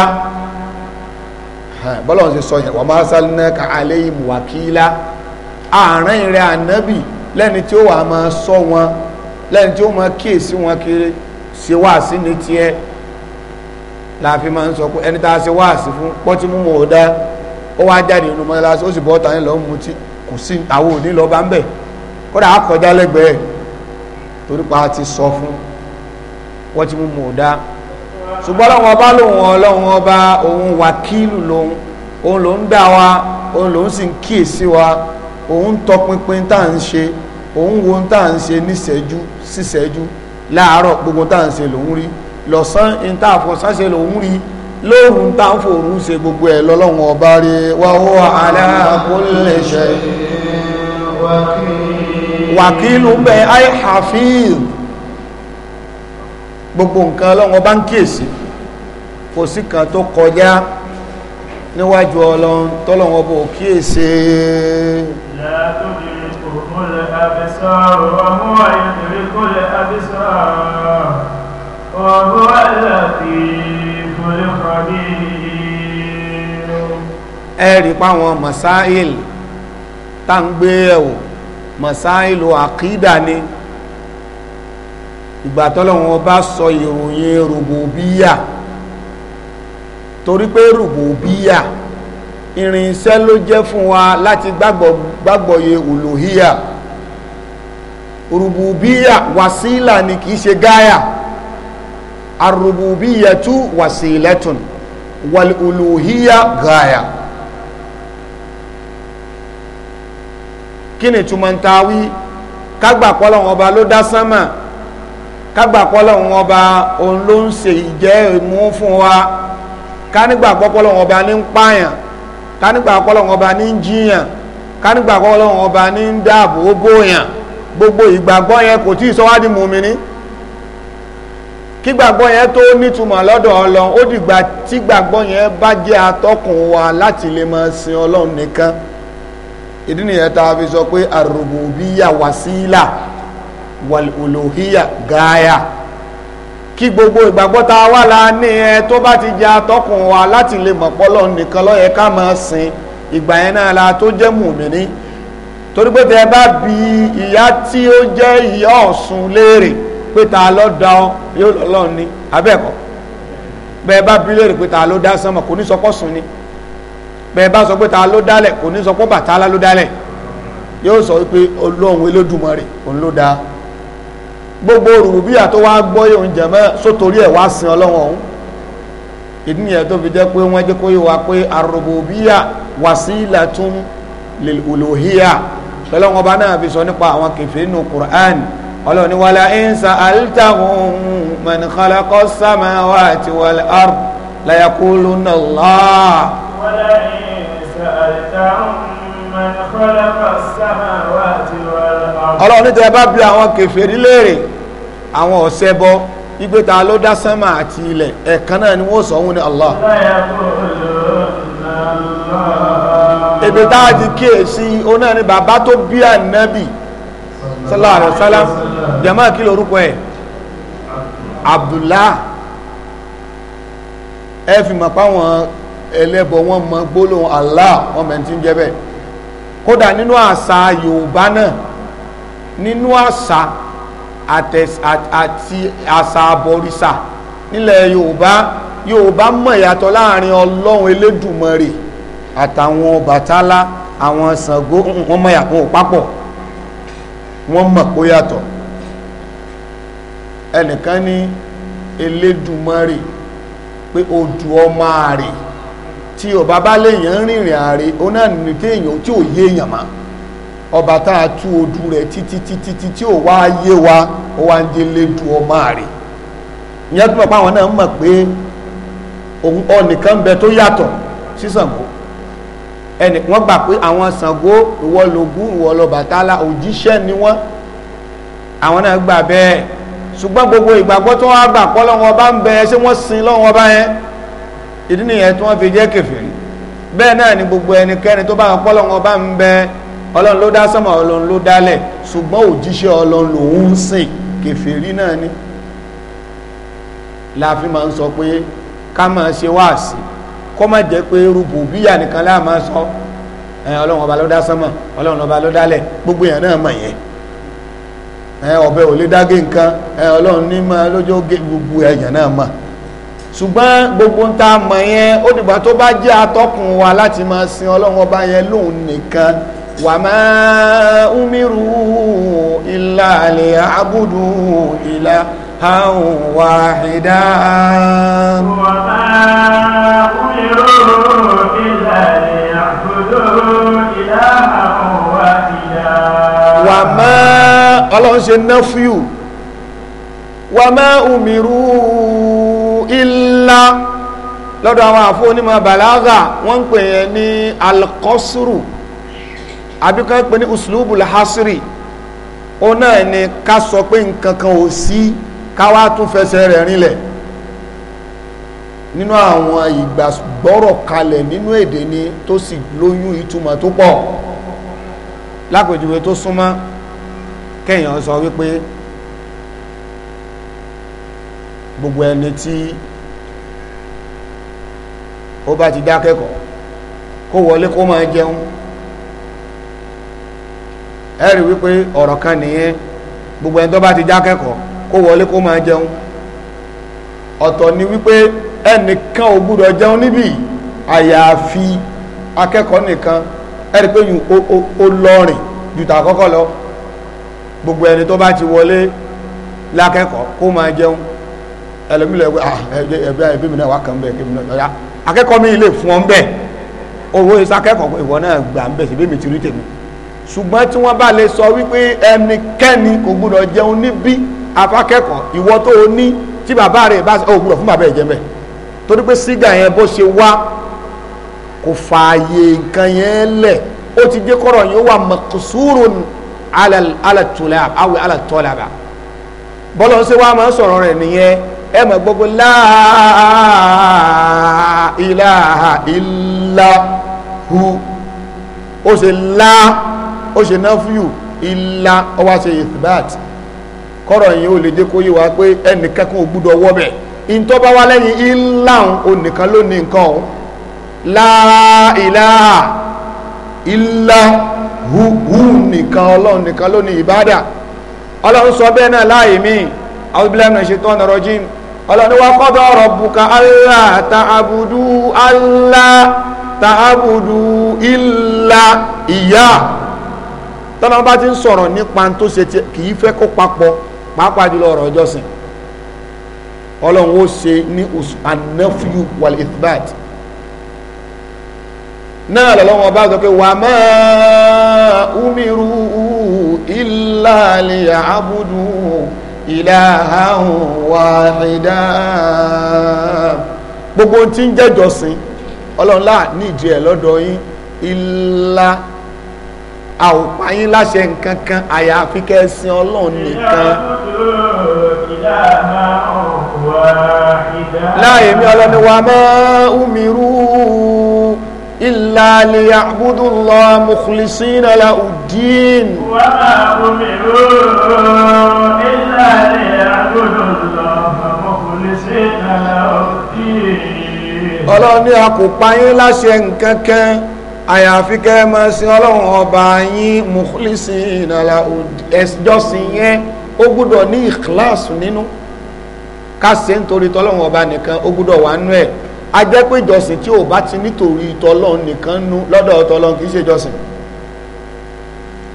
Speaker 1: bọ́lá wọn sì sọ yẹn wà máa ka aléyìn wàkílá àárín rẹ̀ ànábì lẹ́ni tí ó wà máa sọ wọn lẹ́ni tí ó máa kíyèsí wọn kiri ṣe wáàsí ní tiẹ̀ láàfin máa ń sọ pé ẹni tá a ṣe wáàsí fún pọ́tí mú mọ̀ ó wá jáde nínú mọ́lá ó sì bọ́ tani lọ́ọ́ mutí kò sí àwọn òní lọ́ọ́ bá ń bẹ̀ kódà á kọjá lẹ́gbẹ̀ẹ́ torípa ti sọ fún wọ́n ti mú mọ̀ dá ṣùgbọ́n lọ́wọ́ ọba lòun ọlọ́run ọba òun wàkílù lòun òun lòun dá wa òun lòun sì ń kíyèsí wa òun tọpinpin tá à ń ṣe òun wo tá à ń ṣe níṣẹ́jú síṣẹ́jú láàárọ̀ gbogbo tá à ń ṣe lòun rí lọ́sán in tá àfọ̀sán ṣe lòun rí lóòrùn tá à ń fòrùn ṣe gbogbo ẹ̀ lọ́lọ́run ọba rí wa huwa ala kulli
Speaker 2: wàkílù ń bẹ ay
Speaker 1: hafiz gbogbo nǹkan ọlọ́run bá ń kíyèsí kò sí kan tó kọjá níwájú ọlọ́run tọ́lọ́run bó kíyèsí ẹ̀rí páwọn masáìl tá ń gbé ẹ̀wò masáìlú àkídà ni ìgbà tọ́lọ́wọ́n bá sọ ìròyìn rùbùbíyà torí pé rùbùbíyà irinṣẹ́ ló jẹ́ fún wa láti gbàgbọ́yé olùhíyà rùbùbíyà wàsílà ni kìí ṣe gáyà arùbùbíyà tú wàsílẹ̀tùn wàlùhíyà gáyà. kí ni túmọ̀ ń ta wí kágbà pọ́lọ̀ wọn ọba ló dá sánmà kágbà pọ́lọ̀ wọn ọba òun ló ń ṣe ìjẹ́ ìmú fún wa kánígbà pọ́lọ̀ wọn ọba ní ń pààyàn kánígbà pọ́lọ̀ wọn ọba ní ń jiyàn kánígbà pọ́lọ̀ wọn ọba ní ń dáàbò bóyàn gbogbo ìgbàgbọ́ yẹn kò tí ì sọ wá di mùmíní kí gbàgbọ́ yẹn tó nítumọ̀ lọ́dọ̀ ọlọ́run ó dìgbà tí gbàgbọ́ yẹn bá jẹ́ atọ́kùn wa láti lè máa sin ọlọ́run nìkan ìdí nìyẹn tá a fi sọ pé àrùbùbíyà wàsílà wàlúhíyà gáyà kí gbogbo ìgbàgbọ́ tá a wà láàánú ẹ tó bá ti jẹ́ atọ́kùn wa láti lè mọ̀ pọ́lọ́ nìkan ló yẹ ká máa sìn ìgbà yẹn náà la tó jẹ́ mùmíní torí pé tẹ bá bi ìyá tí ó jẹ́ ìyá Ọ̀ṣun léèrè pé ta ló dá ọ yóò lọ́lọ́ ni abẹ́ẹ̀kọ́ bẹ́ẹ̀ bá bi léèrè pé ta ló dá sánmọ̀ kò ní sọ pọ́sùn ni bẹ́ẹ̀ bá sọ pé ta ló dálẹ̀ kò ní sọ pé Ọbàtálá ló dálẹ̀ yóò sọ wípé Ọlọ́run Elédùmarè òun ló dá gbogbo rùbùbíyà tó wá gbọ́ yóò ń jẹ̀mọ́ sótórí ẹ̀ wá sin Ọlọ́run ọ̀hún ìdí nìyẹn tó fi jẹ́ pé wọ́n jẹ́ kó yé wa pé arububiyya wasilatun lil uluhiyya pẹ̀lú àwọn ọba náà fi sọ nípa àwọn kẹfẹ́ nínú Qur'an ọlọ́ọ̀ni wala in sa'altahum man khalaqa as-samawati wal ard la yaqulunna Allah ọlọ́run ní tẹ́ bá bi àwọn kèfèrí léèrè àwọn ọ̀sẹ̀ bọ́ igbe ta ló dá sánmà àti ilẹ̀ ẹ̀kan náà ni wọ́n sọ òun ni Allah èdè tá a ti kíyèsí ó náà ni bàbá tó bí ànábì sallallahu alaihi wasallam jama kí lorúkọ ẹ̀ Abdullah ẹ fi mọ̀ páwọn ẹlẹ́bọ wọn mọ gbólóhùn Allah wọn mẹ́ntí ń jẹ́ bẹ́ẹ̀ kódà nínú àṣà Yorùbá náà nínú àṣà àti àṣà àbọ̀rìṣà nílẹ̀ yorùbá yorùbá mọ̀ ìyàtọ̀ láàrin ọlọ́run elédùmarè àtàwọn ọbàtálá àwọn ṣàngó wọ́n mọ̀ ìyàtọ̀ papọ̀ wọ́n mọ̀ kó yàtọ̀ ẹnìkan ní elédùmarè pé odù ọmọ àrè tí yorùbá bá léèyàn rìnrìn àrè ó náà nìkéèyàn tí ò yéèyàn máa ọba tá a tú ojú rẹ̀ títí títí tí tí ò wá yé wa ó wá ń jẹ lédu ọmọ rẹ̀ ìyẹn tó lọ́pọ̀ àwọn náà mọ̀ pé ọ̀nìkan bẹ tó yàtọ̀ sí Ṣàngó ẹnì wọ́n gbà pé àwọn Ṣàngó ìwọ lògún ìwọ lọ́bàtálá ni wọ́n àwọn náà gbà bẹ́ẹ̀ ṣùgbọ́n gbogbo ìgbàgbọ́ tó wọ́n gbà pọ́ lọ́wọ́ bá ń bẹ ṣé wọ́n sin lọ́wọ́ bá yẹn ìdí nìyẹn tí wọ́n fi jẹ́ kèfèrí bẹ́ẹ̀ náà ni gbogbo ẹnikẹ́ni tó bá wọn pọ́ lọ́wọ́ bá ń bẹ ọlọ́run ló dá sánmà ọlọ́run ló dálẹ̀ ṣùgbọ́n òjíṣẹ́ ọlọ́run lòun ń sìn kèfèrí náà ni láàfi máa ń sọ pé ká máa ṣe wáàsí kó má jẹ́ pé rúbùbíyà nìkan láà máa sọ ẹ ọlọ́run ọba ló dá sánmà ọlọ́run ọba ló dálẹ̀ gbogbo èèyàn náà mọ̀ yẹn ẹ ọ̀bẹ ò lè dágé nǹkan ẹ ọlọ́run ní máa lójó gé gbogbo èèyàn náà mọ̀ ṣùgbọ́n gbogbo ń ta mọ̀ yẹn ó dìgbà tó bá jẹ́ atọ́kùn wa láti máa sin ọlọ́run ọba yẹn lóun nìkan وما أمروا إلا ليعبدوا إلها واحدا وما
Speaker 2: أمروا إلا ليعبدوا
Speaker 1: إلها واحدا وما ọlọ́run ṣe nọ́fíù wàmá umiru ilá lọ́dọ̀ àwọn àfọ́ onímọ̀ bàlágà wọ́n ń pè yẹn ní alkọ́sùrù àbíkan pé ní uslubu lahasiri ó náà ni ká sọ pé nǹkan kan ò sí ká wá tún fẹsẹ̀ rẹ̀ rinlẹ̀ nínú àwọn ìgbàgbọ́rọ̀ kalẹ̀ nínú èdè ni tó sì lóyún ìtumọ̀ tó pọ̀ lápèjúwe tó súnmọ́ kéèyàn sọ wípé gbogbo ẹni tí ó bá ti dákẹ́kọ̀ọ́ kó wọlé kó máa jẹun ẹ rí wípé ọ̀rọ̀ kan nìyẹn gbogbo ẹni tó bá ti já kẹ́kọ̀ọ́ kó wọlé kó máa jẹun ọ̀tọ̀ ni wípé ẹnìkan ò gbúdọ̀ jẹun níbí àyàfi akẹ́kọ̀ọ́ nìkan ẹ rí pé yùn ó lọ́rìn ju tà kọ́kọ́ lọ gbogbo ẹni tó bá ti wọlé lákẹ́kọ̀ọ́ kó máa jẹun ẹlòmílẹ̀ ah, ẹgbẹ́ ẹbí mi náà wà kàn bẹ́ẹ̀ kí náà yọ̀yá akẹ́kọ̀ọ́ mi lè fún ọ bẹ́ẹ̀ owó ìsakẹ́kọ̀ọ́ ìwọ náà gbà ń bẹ̀ síbí mi ti rí tèmi ṣùgbọ́n tí wọ́n bá lè sọ wípé ẹnikẹ́ni kò gbúdọ̀ jẹun níbí afákẹ́kọ̀ọ́ ìwọ tó o ní tí bàbá rẹ̀ bá ò gbúdọ̀ fún bàbá ẹ̀ jẹ́mẹ̀ torí pé sígà yẹn bó ṣe wá kò fààyè nǹkan yẹn lẹ̀ ó ti jẹ́ kọ́rọ̀ yóò wà maqsurun ala bọ́lá ń ṣe wá máa ń sọ̀rọ̀ rẹ̀ nìyẹn ẹ mọ̀ gbogbo la ilaha illa hu ó ṣe láà ó ṣe náfíù ìlà ó ṣe ìthbat kọ́rọ̀ yìí ó lè jẹ́ kó yé wa pé ẹnìkan kò gbúdọ̀ wọ́bẹ̀ ìntọ́ bá wá lẹ́yìn ló ní nǹkan la hu hu nìkan ọlọ́run nìkan ló ní ìbádà ọlọ́run sọ bẹ́ẹ̀ náà láàyè míì a'udhu ọlọ́run wa qada rabbuka alla ta'budu taabudu ta'budu tọ́lá bá ti ń sọ̀rọ̀ nípa tó ṣe tí kì í fẹ́ kó papọ̀ pàápàá jùlọ ọ̀rọ̀ ọjọ́sìn ọlọ́run ó ṣe ní anafiyu wal ithbat náà lọ́lọ́wọ́ bá sọ pé wà máa umiru illa liya'budu ilahan wahida gbogbo tí ń jẹ́jọ́sìn ọlọ́run láà ní ìdí ẹ̀ lọ́dọ̀ yín ìlà a ò pa yín láṣẹ nǹkan kan àyàfi kẹ́ ẹ sin ọlọ́run nìkan.
Speaker 2: láàyè mi ọlọ́ni wa
Speaker 1: máa umiru illa liya'budullaha mukhlisina lahu-d-din. wa ma umiru illa
Speaker 2: liya'budullaha mukhlisina lahu-d-din. ọlọ́ni
Speaker 1: a kò pa yín láṣẹ nǹkan kan àyàfi kẹ́ máa sin ọlọ́run ọba yín mukhlisin ala ẹ̀sìjọ́sìn yẹn ó gbúdọ̀ ní ìkíláàsì nínú ká ṣe nítorí tọ́lọ́run ọba nìkan ó gbúdọ̀ wà nú ẹ̀ a jẹ́ pé ìjọsìn tí ò bá ti nítorí tọ́lọ́run nìkan nú lọ́dọ̀ tọ́lọ́run kì í ṣe ìjọsìn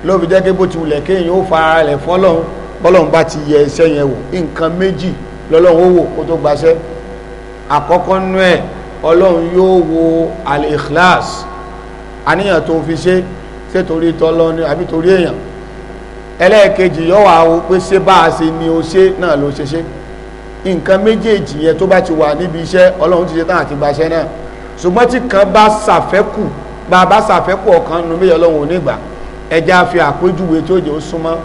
Speaker 1: ló fi jẹ́ pé bó ti wulẹ̀ kéèyàn ó fara rẹ̀ fọ́lọ́run bọ́lọ́run bá ti yẹ iṣẹ́ yẹn wò nǹkan méjì lọ́lọ́run ó wò kó tó gbaṣẹ́ àkọ́kọ́ nú ẹ̀ ọlọ́run yóò wo al àníyàn tó fi ṣe ṣé torí tọ́lọ́ ni àbí torí èèyàn ẹlẹ́ẹ̀kejì yóò wá o pé ṣé bá a ṣe ni o ṣe náà ló ṣe ṣe nǹkan méjèèjì yẹn tó bá ti wà níbi iṣẹ́ ọlọ́run ti ṣe tán àti gbaṣẹ́ náà ṣùgbọ́n tí kan bá ṣàfẹ́kù bá a bá ṣàfẹ́kù ọ̀kan nínú méjì ọlọ́run ò ní gbà ẹja fi àpéjúwe tó jẹ́ ó súnmọ́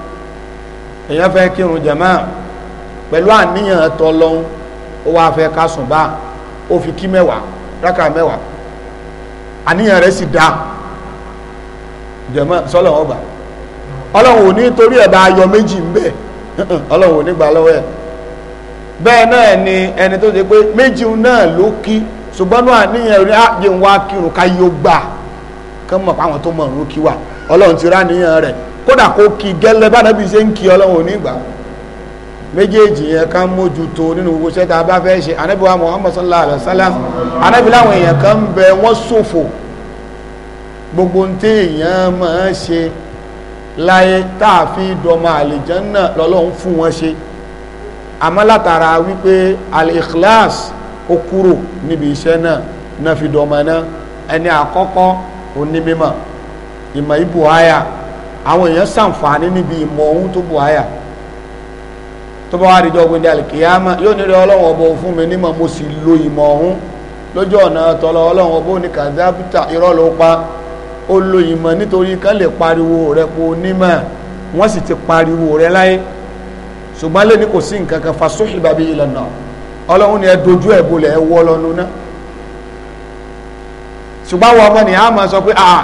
Speaker 1: èèyàn fẹ́ kírun jàmá pẹ̀lú àníyàn tọ́lọ́run ó wá fẹ́ ká sùn bá ó fi kí mẹ́wàá rákà mẹ́wàá àníyàn rẹ̀ sì dáa jẹ̀mọ́ sọ́lọ̀ ọgbà ọlọ́run ò ní torí ẹ̀ bá ayọ̀ méjì ń bẹ̀ (laughs) ọlọ́run ò ní gbà lọ́wọ́ ẹ̀ bẹ́ẹ̀ náà ni ẹni tó ṣe pé méjì náà ló kí ṣùgbọ́n náà àníyàn rẹ̀ àjẹ́ wa kírun ká yóò gbà kán mọ̀ páwọn tó mọ̀ ọ̀run kí wà ọlọ́run ti rá níyàn rẹ̀ kódà kó kí gẹ́lẹ́ bá nàbí ṣe ń kí ọlọ́run ò ní gbà á méjèèjì yẹn kan mójútó nínú gbogbo iṣẹ́ tá a bá fẹ́ ṣe anábì wa muhammad sallallahu alayhi wa sallam anábì láwọn èèyàn kan ń bẹ wọ́n ṣòfò gbogbo ń tẹ èèyàn máa ń ṣe láyé tá a fi dọmọ lọ́lọ́run fún wọn ṣe àmọ́ látara wípé al ó kúrò níbi iṣẹ́ náà náà fi dọmọ náà ẹni àkọ́kọ́ onímọ̀ ìmọ̀ ibùháyà àwọn èèyàn ṣàǹfààní níbi ìmọ̀ ohun tó bùháyà tó bá wá dìjọ́ gbé dàlẹ̀ kìyàmá yóò ní rẹ ọlọ́run ọbọ̀ fún mi nímọ̀ mo sì lo ìmọ̀ ọ̀hún lójú ọ̀nà tọ́lọ ọlọ́run ọbọ̀ ní kàdábítà irọ́ ló pa ó lo ìmọ̀ nítorí kán lè pariwo rẹ po onímọ̀ wọ́n sì ti pariwo rẹ láyé ṣùgbọ́n lé ní kò sí nǹkan kan fasóhì bàbí ìlànà ọlọ́run ni ẹ dojú ẹ̀ bolẹ̀ ẹ wọ́ lọ́nu náà ṣùgbọ́n àwọn ọmọ nìyà máa sọ pé ah, ah,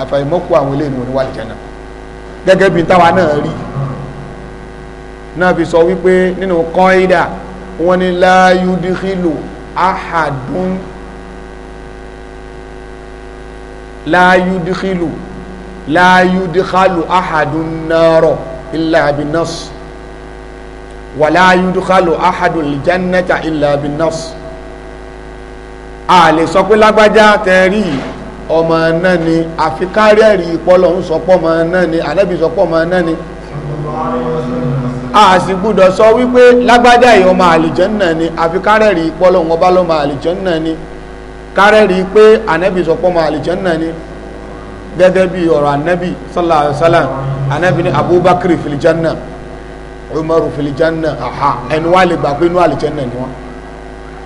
Speaker 1: àfàìmọ́kù àwọn ilé ìmọ̀ níwájú jẹ́ náà náà fi sọ wípé nínú kọ́ídà wọ́n ní láyúdíhìlù ahadun láyúdíhìlù láyúdíhàlù ahadun nárọ̀ illa binas wà láyúdíhàlù ahadun jannata illa binas a lè sọ pé lágbájá tẹ̀rí ọmọ náà ni àfikárẹ́rì ìpọlọ̀ ń sọpọ̀ ọmọ náà ni ànábì sọpọ̀ ọmọ náà ni a sì gbúdọ̀ sọ wípé lágbájá yìí ọmọ àlìjẹ́nà ni àfi kárẹ̀rí pọ́lọ́wọ́n bá lọ́mọ àlìjẹ́nà ni kárẹ̀rí pé ànábì sọ pọ́mọ àlìjẹ́nà ni gẹ́gẹ́ bí ọ̀rọ̀ ànábì sallallahu alaihi wasallam ànábì ní abubakar filijanna umaru filijanna aha ẹni wá lè gbà pé inú àlìjẹ́nà ni wọ́n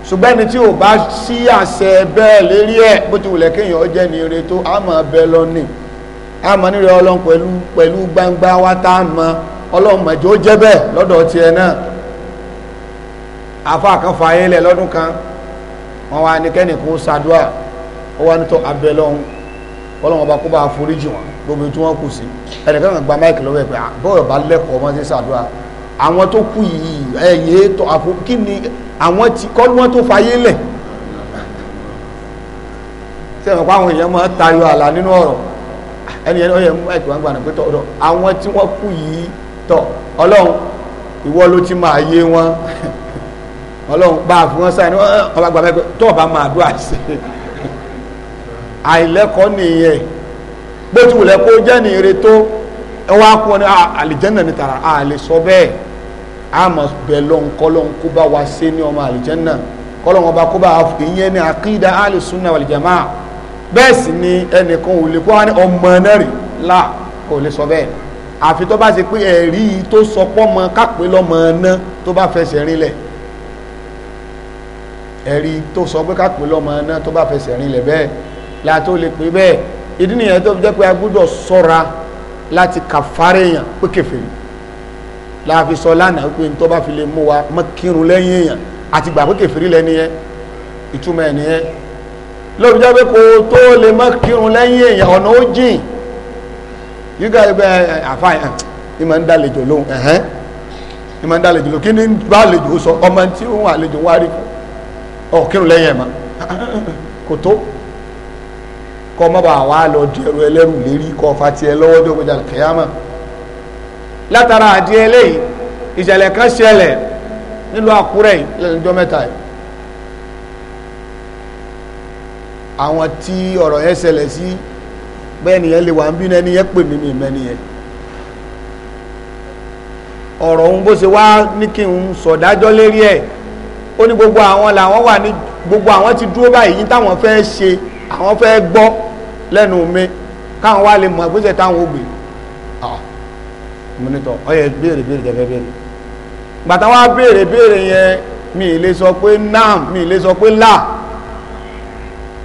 Speaker 1: ṣùgbọ́n ẹni tí ò bá sí àṣẹ bẹ́ẹ̀ lérí ẹ̀ bó ti wùlẹ̀ kéèyàn ó jẹ́ ní ire tó àmọ́ bẹ́ẹ̀ lọ́nìí àmọ́ nírẹ̀ ọlọ́run pẹ̀lú gbangba wa tá ọlọ́mọ̀jọ́ jẹ́ bẹ́ẹ̀ lọ́dọ̀ tiẹ̀ náà afa kan fa ayé lẹ̀ lọ́dún kan wọn wá nìkẹ́ni kó ṣàdúrà ó wá nítọ́ abẹ́ lọ́hún ọlọ́wọ́n bá kó bá foríjì wọn gbogbo tí wọ́n kù sí ẹnìkan kan gba máìkì lọ́wọ́ ẹ̀ pé bọ́ọ̀ bá lẹ́kọ̀ọ́ ọmọ sí ṣàdúrà àwọn tó kú yìí ẹ̀yẹ tó àpò kí ni àwọn tí kọ́ ni wọ́n tó fa ayé lẹ̀ sẹ́wọ̀n pa àwọn èèyàn máa tayọ àlà nínú ọ̀rọ̀ ẹni ẹni ọ̀yẹ́ mú ẹ̀kí wọn gbà náà pé tọ́ àwọn tí wọ́n kú yìí tọ́ ọlọ́run ìwọ ló ti máa yé wọn (laughs) ọlọ́run bá a fún wọn sáyẹn ọba gbàgbẹ́ pé tó ọba máa dúà sí i àìlẹ́kọ̀ọ́ nìyẹn bó ti wùlẹ̀ kó jẹ́ ní ire tó ẹwà kún ọ ní àlìjẹ́nà ní tààrà a lè sọ bẹ́ẹ̀ a mọ̀ bẹ̀ lọ́n kọ́lọ́n kó bá wa ṣe ní ọmọ àlìjẹ́nà kọ́lọ́n ọba kó bá ìyẹn ní àkídà alìsúnà wàlìjàmá bẹ́ẹ̀ sì ni ẹnìkan ò lè kó wá ní ọmọ náà rí là kò lè sọ bẹ́ẹ̀ àfi tó bá ṣe pé ẹ̀rí tó sọ pọ́mọ kápẹ́ lọ́mọ ná tó bá fẹsẹ̀ rinlẹ̀ ẹ̀rí tó sọ pé kápẹ́ lọ́mọ ná tó bá fẹsẹ̀ rinlẹ̀ bẹ́ẹ̀ la tó lè pè bẹ́ẹ̀ ìdí nìyẹn tó fi jẹ́ pé a gbọ́dọ̀ sọ́ra láti kàfárẹ̀ èèyàn pé kèfèrí la fi sọ lánàá pé tó bá fi lè mú wa mọ́ kírun lẹ́yìn èèyàn àti gbà pé kèfèrí lẹ́ni ìtumọ̀ ẹ̀ nìyẹn lóbi pé kò tó lè mọ́ kírun lẹ́yìn èèyàn ọ̀nà ó jìn you guys bẹ àfa ẹ ẹ máa ń dálejò lóhùn ẹ̀hẹ́n ẹ máa ń dálejò lóhùn kí ni bá àlejò sọ ọmọ tí òun àlejò wá rí ọ kírun lẹ́yìn ẹ̀ ma (laughs) kò tó kọ́ mọ́ bá wa lọ di ẹrù ẹlẹ́rù lérí kọ́ fati ẹ lọ́wọ́ dọ́gbẹ́jà kẹ́yàmà látara àdí eléyìí ìṣẹ̀lẹ̀ kan ṣẹlẹ̀ nílùú Àkúrẹ́ yìí lẹ́nu ọjọ́ mẹ́ta yìí àwọn tí ọ̀rọ̀ yẹn ṣẹlẹ̀ sí. Si, bẹ́ẹ̀ nìyẹn lè wà ń bí ẹni yẹn pè mí mi mẹ́ni yẹn ọ̀rọ̀ òun bó ṣe wá ní kí n sọ̀dájọ́ lérí ẹ̀ ó ní gbogbo àwọn làwọn wà ní gbogbo àwọn ti dúró báyìí yín táwọn fẹ́ ṣe àwọn fẹ́ gbọ́ lẹ́nu mi káwọn wá lè mọ̀ ìgbésẹ̀ táwọn ò gbé mo ní tọ́ ọ yẹ béèrè béèrè tẹ́fẹ́ béèrè gbàtà wá béèrè béèrè yẹn mi ì lè sọ pé náà mi ì lè sọ pé láà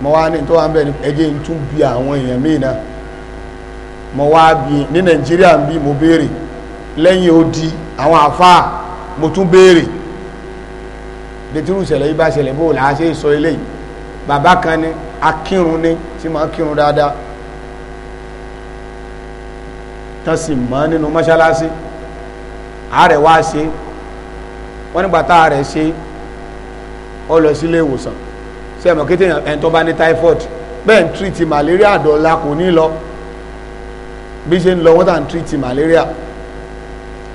Speaker 1: mo wá ní tó wà ń ni ní ẹjẹ́ ń tún bi àwọn èèyàn míì náà mo wá bi ní nàìjíríà ń bí mo béèrè lẹ́yìn odi àwọn àfáà mo tún béèrè dètírù ìṣẹ̀lẹ̀ yìí bá ṣẹlẹ̀ bó là ṣe sọ eléyìí bàbá kan ní akírun ní tí máa kírun dáadáa tán sì nínú mọ́ṣáláṣí àárẹ̀ wá ṣe wọ́n nígbà tá àárẹ̀ ṣe ó lọ sílé ìwòsàn sẹ́mọ̀ kété ẹni tó bá ní typhoid bẹ́ẹ̀ ń tírìtì malaria dọ̀la kò ní lọ bí ṣe ń lọ wọ́n tà ń tírìtì malaria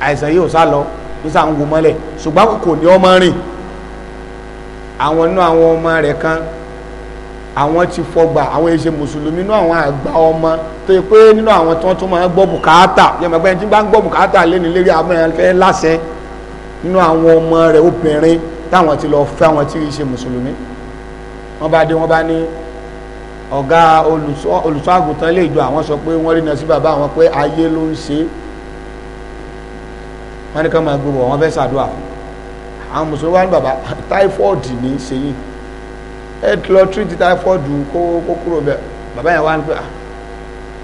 Speaker 1: àìsàn yìí ò sá lọ ó sá ń wo mọ́lẹ̀ ṣùgbọ́n kò ní ọmọ rìn àwọn inú àwọn ọmọ rẹ̀ kan àwọn ti fọgbà àwọn èṣe mùsùlùmí inú àwọn àgbà ọmọ tó yẹ pé nínú àwọn tí wọ́n tún máa ń gbọ́ bùkátà yẹmọ pé ẹni tí ń gbọ́ bùkátà lẹ́nu lérí abẹ́rẹ́ lásẹ̀ nínú àwọn ọmọ rẹ̀ obìnrin táwọn ti lọ fẹ́ àwọn tí kì ṣe mùsùlùmí wọ́n bá dé wọ́n bá ní ọ̀gá olùṣọ́ àgùntàn lè jọ àwọn sọ pé wọ́n rí náà sí bàbá àwọn pé ayé ló ń ṣe wọ́n ní ká máa gbogbo àwọn fẹ́ ṣàdúrà àwọn mùsùlùmí wá ní bàbá táífọ́ọ̀dù ní í ṣe yìí ẹ ti lọ tírìtì táífọ́ọ̀dù kó kúrò bẹ́ẹ̀ bàbá yẹn wá ní pé ah,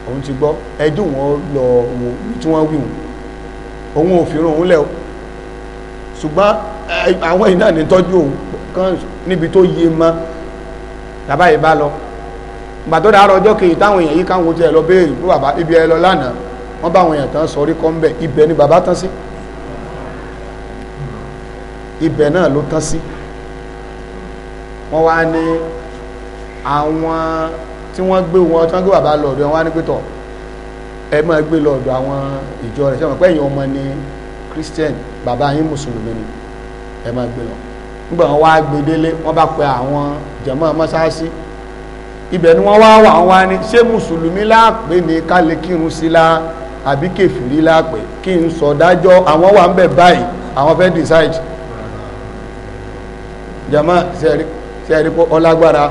Speaker 1: òun ti gbọ́ ẹdùn wọn lọ wo tí wọ́n wí wọn òun ò fi rún òun lẹ̀ o ṣùgbọ́n àwọn ìnáà ní tọ́jú òun kan níbi tó yé máa bàbá yìí bá lọ ìgbà tó dáa ọjọ́ kejì táwọn èèyàn yìí káwọn ojú ẹ lọ béèrè bí bàbá ibi ẹ lọ lánàá wọ́n bá àwọn èèyàn tán sọrí kọ́ ńbẹ ibẹ̀ ni bàbá tán sí ibẹ̀ náà ló tán sí wọ́n wá ní àwọn tí wọ́n gbé wọn tí wọ́n gbé bàbá lọ́ọ̀dọ̀ wọn wá ní pẹ́tọ̀ ẹ máa gbé lọ́ọ̀dọ̀ àwọn ìjọ rẹ̀ sẹ́wọ̀n pé ọmọ ni christian bàbá yín mùsùlùmí ni ẹ máa gbé lọ nígbà wọn wá gbé délé wọn bá pe àwọn jẹ̀mọ́ mọ́sáàsì ibẹ̀ ni wọ́n wá wà wá ní ṣé mùsùlùmí láàpẹ́ ní ká lè kírun sí la àbí kèfìrí láàpẹ́ kí n sọ dájọ́ àwọn wà ń bẹ̀ báyìí àwọn fẹ́ decide jẹ̀mọ́ sẹ́ẹ̀rí pé ọlágbára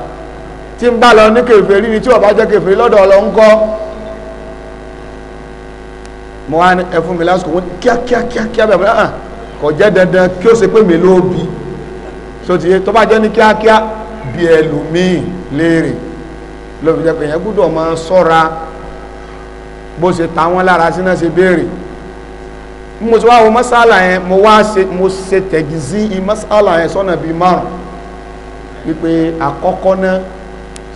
Speaker 1: tí ń bá lọ ní kèfèrí ni tí ó bá jẹ́ kèfèrí lọ́dọ̀ lọ ń kọ́ mọ́ wá ní ẹfún mi lásìkò wọ́n kíákíákíá bẹ̀rẹ̀ ah, kọ̀ jẹ́ dandan kí ó ṣe pé mi ló bí so ti tó bá jẹ́ ní kíákíá bí ẹlòmíì léèrè lọ́bi jẹ́ pé yẹn gbọ́dọ̀ máa sọ́ra bó ṣe ta wọ́n lára síná ṣe béèrè mo ṣe wá wo masala yẹn mo wá ṣe mo ṣe tẹ̀gìzí masala yẹn sọ́nà bíi márùn wípé àkọ́kọ́ náà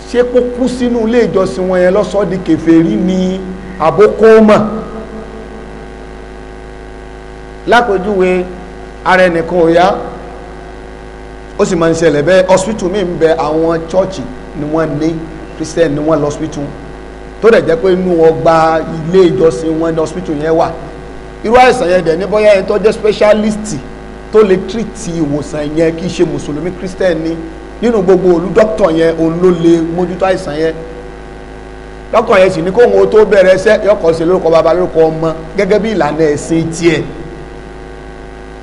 Speaker 1: ṣé kó kú sínú ilé ìjọsìn wọn yẹn lọ́sọ́ di kèfèrí ni àbókó mọ̀ lápèjúwe ara ẹnìkan ò yá ó sì máa ń ṣẹlẹ̀ bẹ́ẹ̀ hospital mi ń bẹ àwọn chọ́ọ̀chì ni wọ́n ní christian ni wọ́n lọ hospital tó dẹ̀ jẹ́ pé inú ọgbà ilé ìjọsìn wọn ní hospital yẹn wà irú àìsàn yẹn dẹ̀ ní bóyá ẹni tó jẹ́ specialist tó lè treat ìwòsàn yẹn kì í ṣe mùsùlùmí christian ni nínú gbogbo olú doctor yẹn òun ló lè mójútó àìsàn yẹn dókítà yẹn sì ní kóhun ó tó bẹ̀rẹ̀ ẹsẹ̀ yọkọ̀ sí lórúkọ bàbá lórúkọ ọmọ gẹ́gẹ́ bí ìlànà ẹ̀sìn tiẹ̀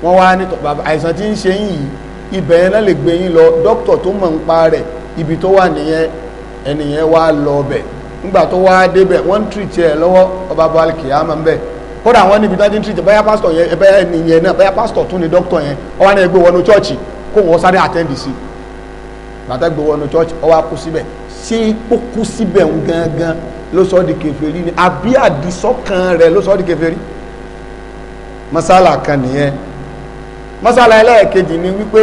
Speaker 1: wọ́n wá ní àìsàn tí ń ṣe yìí ibẹ̀ yẹn náà lè gbé yín lọ dókítà tó mọ̀ ń pa rẹ̀ ibi tó wà nìyẹn ẹnìyẹn wá lọ bẹ̀ nígbà tó wá débẹ̀ wọ́n ń tìrì tiẹ̀ lọ́wọ́ ọba balki ama ń bẹ̀ kódà wọ́n níbi dájú ń tìrì tiẹ̀ báyà pásítọ̀ yẹn báyà nìyẹn náà báyà pásítọ̀ tún ni dókítà yẹn ó wá ní wọnú chọ́ọ̀chì kó wọ́n sáré àtẹ́ǹdì sí bàtà gbé wọnú masala ẹlẹ́ẹ̀kejì ni wípé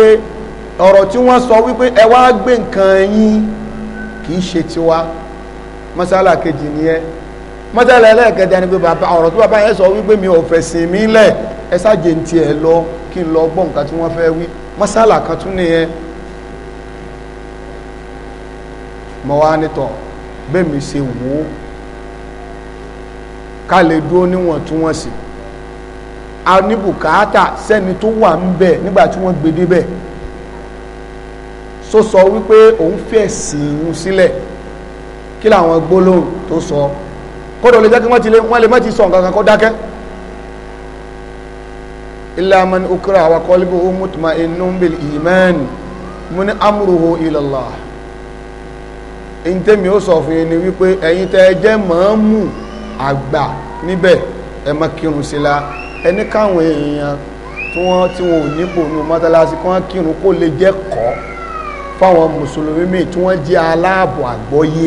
Speaker 1: ọ̀rọ̀ tí wọ́n sọ wípé ẹ wá gbé nǹkan yín kì í ṣe tiwa masala kejì nìyẹn masala ẹlẹ́ẹ̀kẹta ni pé bàbá ọ̀rọ̀ tí bàbá yẹn sọ wípé mi ò fẹ̀sìn mi lẹ̀ ẹ ṣáàjẹ̀ ń tiẹ̀ lọ kí n lọ gbọ́ nǹkan tí wọ́n fẹ́ wí masala kan tún nìyẹn mo wá nítọ̀ bẹ́ẹ̀ mi ṣe wò ó ká lè dúró níwọ̀ntúnwọ̀nsì a ní bùkátà sẹ́ni tó wà ń bẹ̀ nígbà tí wọ́n gbé débẹ̀ so sọ wípé òun fẹ́ sìn sílẹ̀ kí làwọn gbólóhùn tó sọ kọ́dọ̀ lè jẹ́ kí wọ́n ti lé wọ́n lè má sọ nǹkan kan kó dákẹ́ illa man ukra wa qalbuhu mutma'innun bil iman mun amruhu ila Allah in tẹ́mi ó sọ fún yín ni wípé ẹ̀yin tẹ́ jẹ́ màámù àgbà níbẹ̀ ẹ má kírun sí la ẹni káwọn èèyàn tí wọ́n tí wọ́n ò níbò ní mọ́tálásí kí wọ́n kírun kó lè jẹ́ kọ́ fáwọn mùsùlùmí míì tí wọ́n jẹ́ aláàbò àgbọ́yé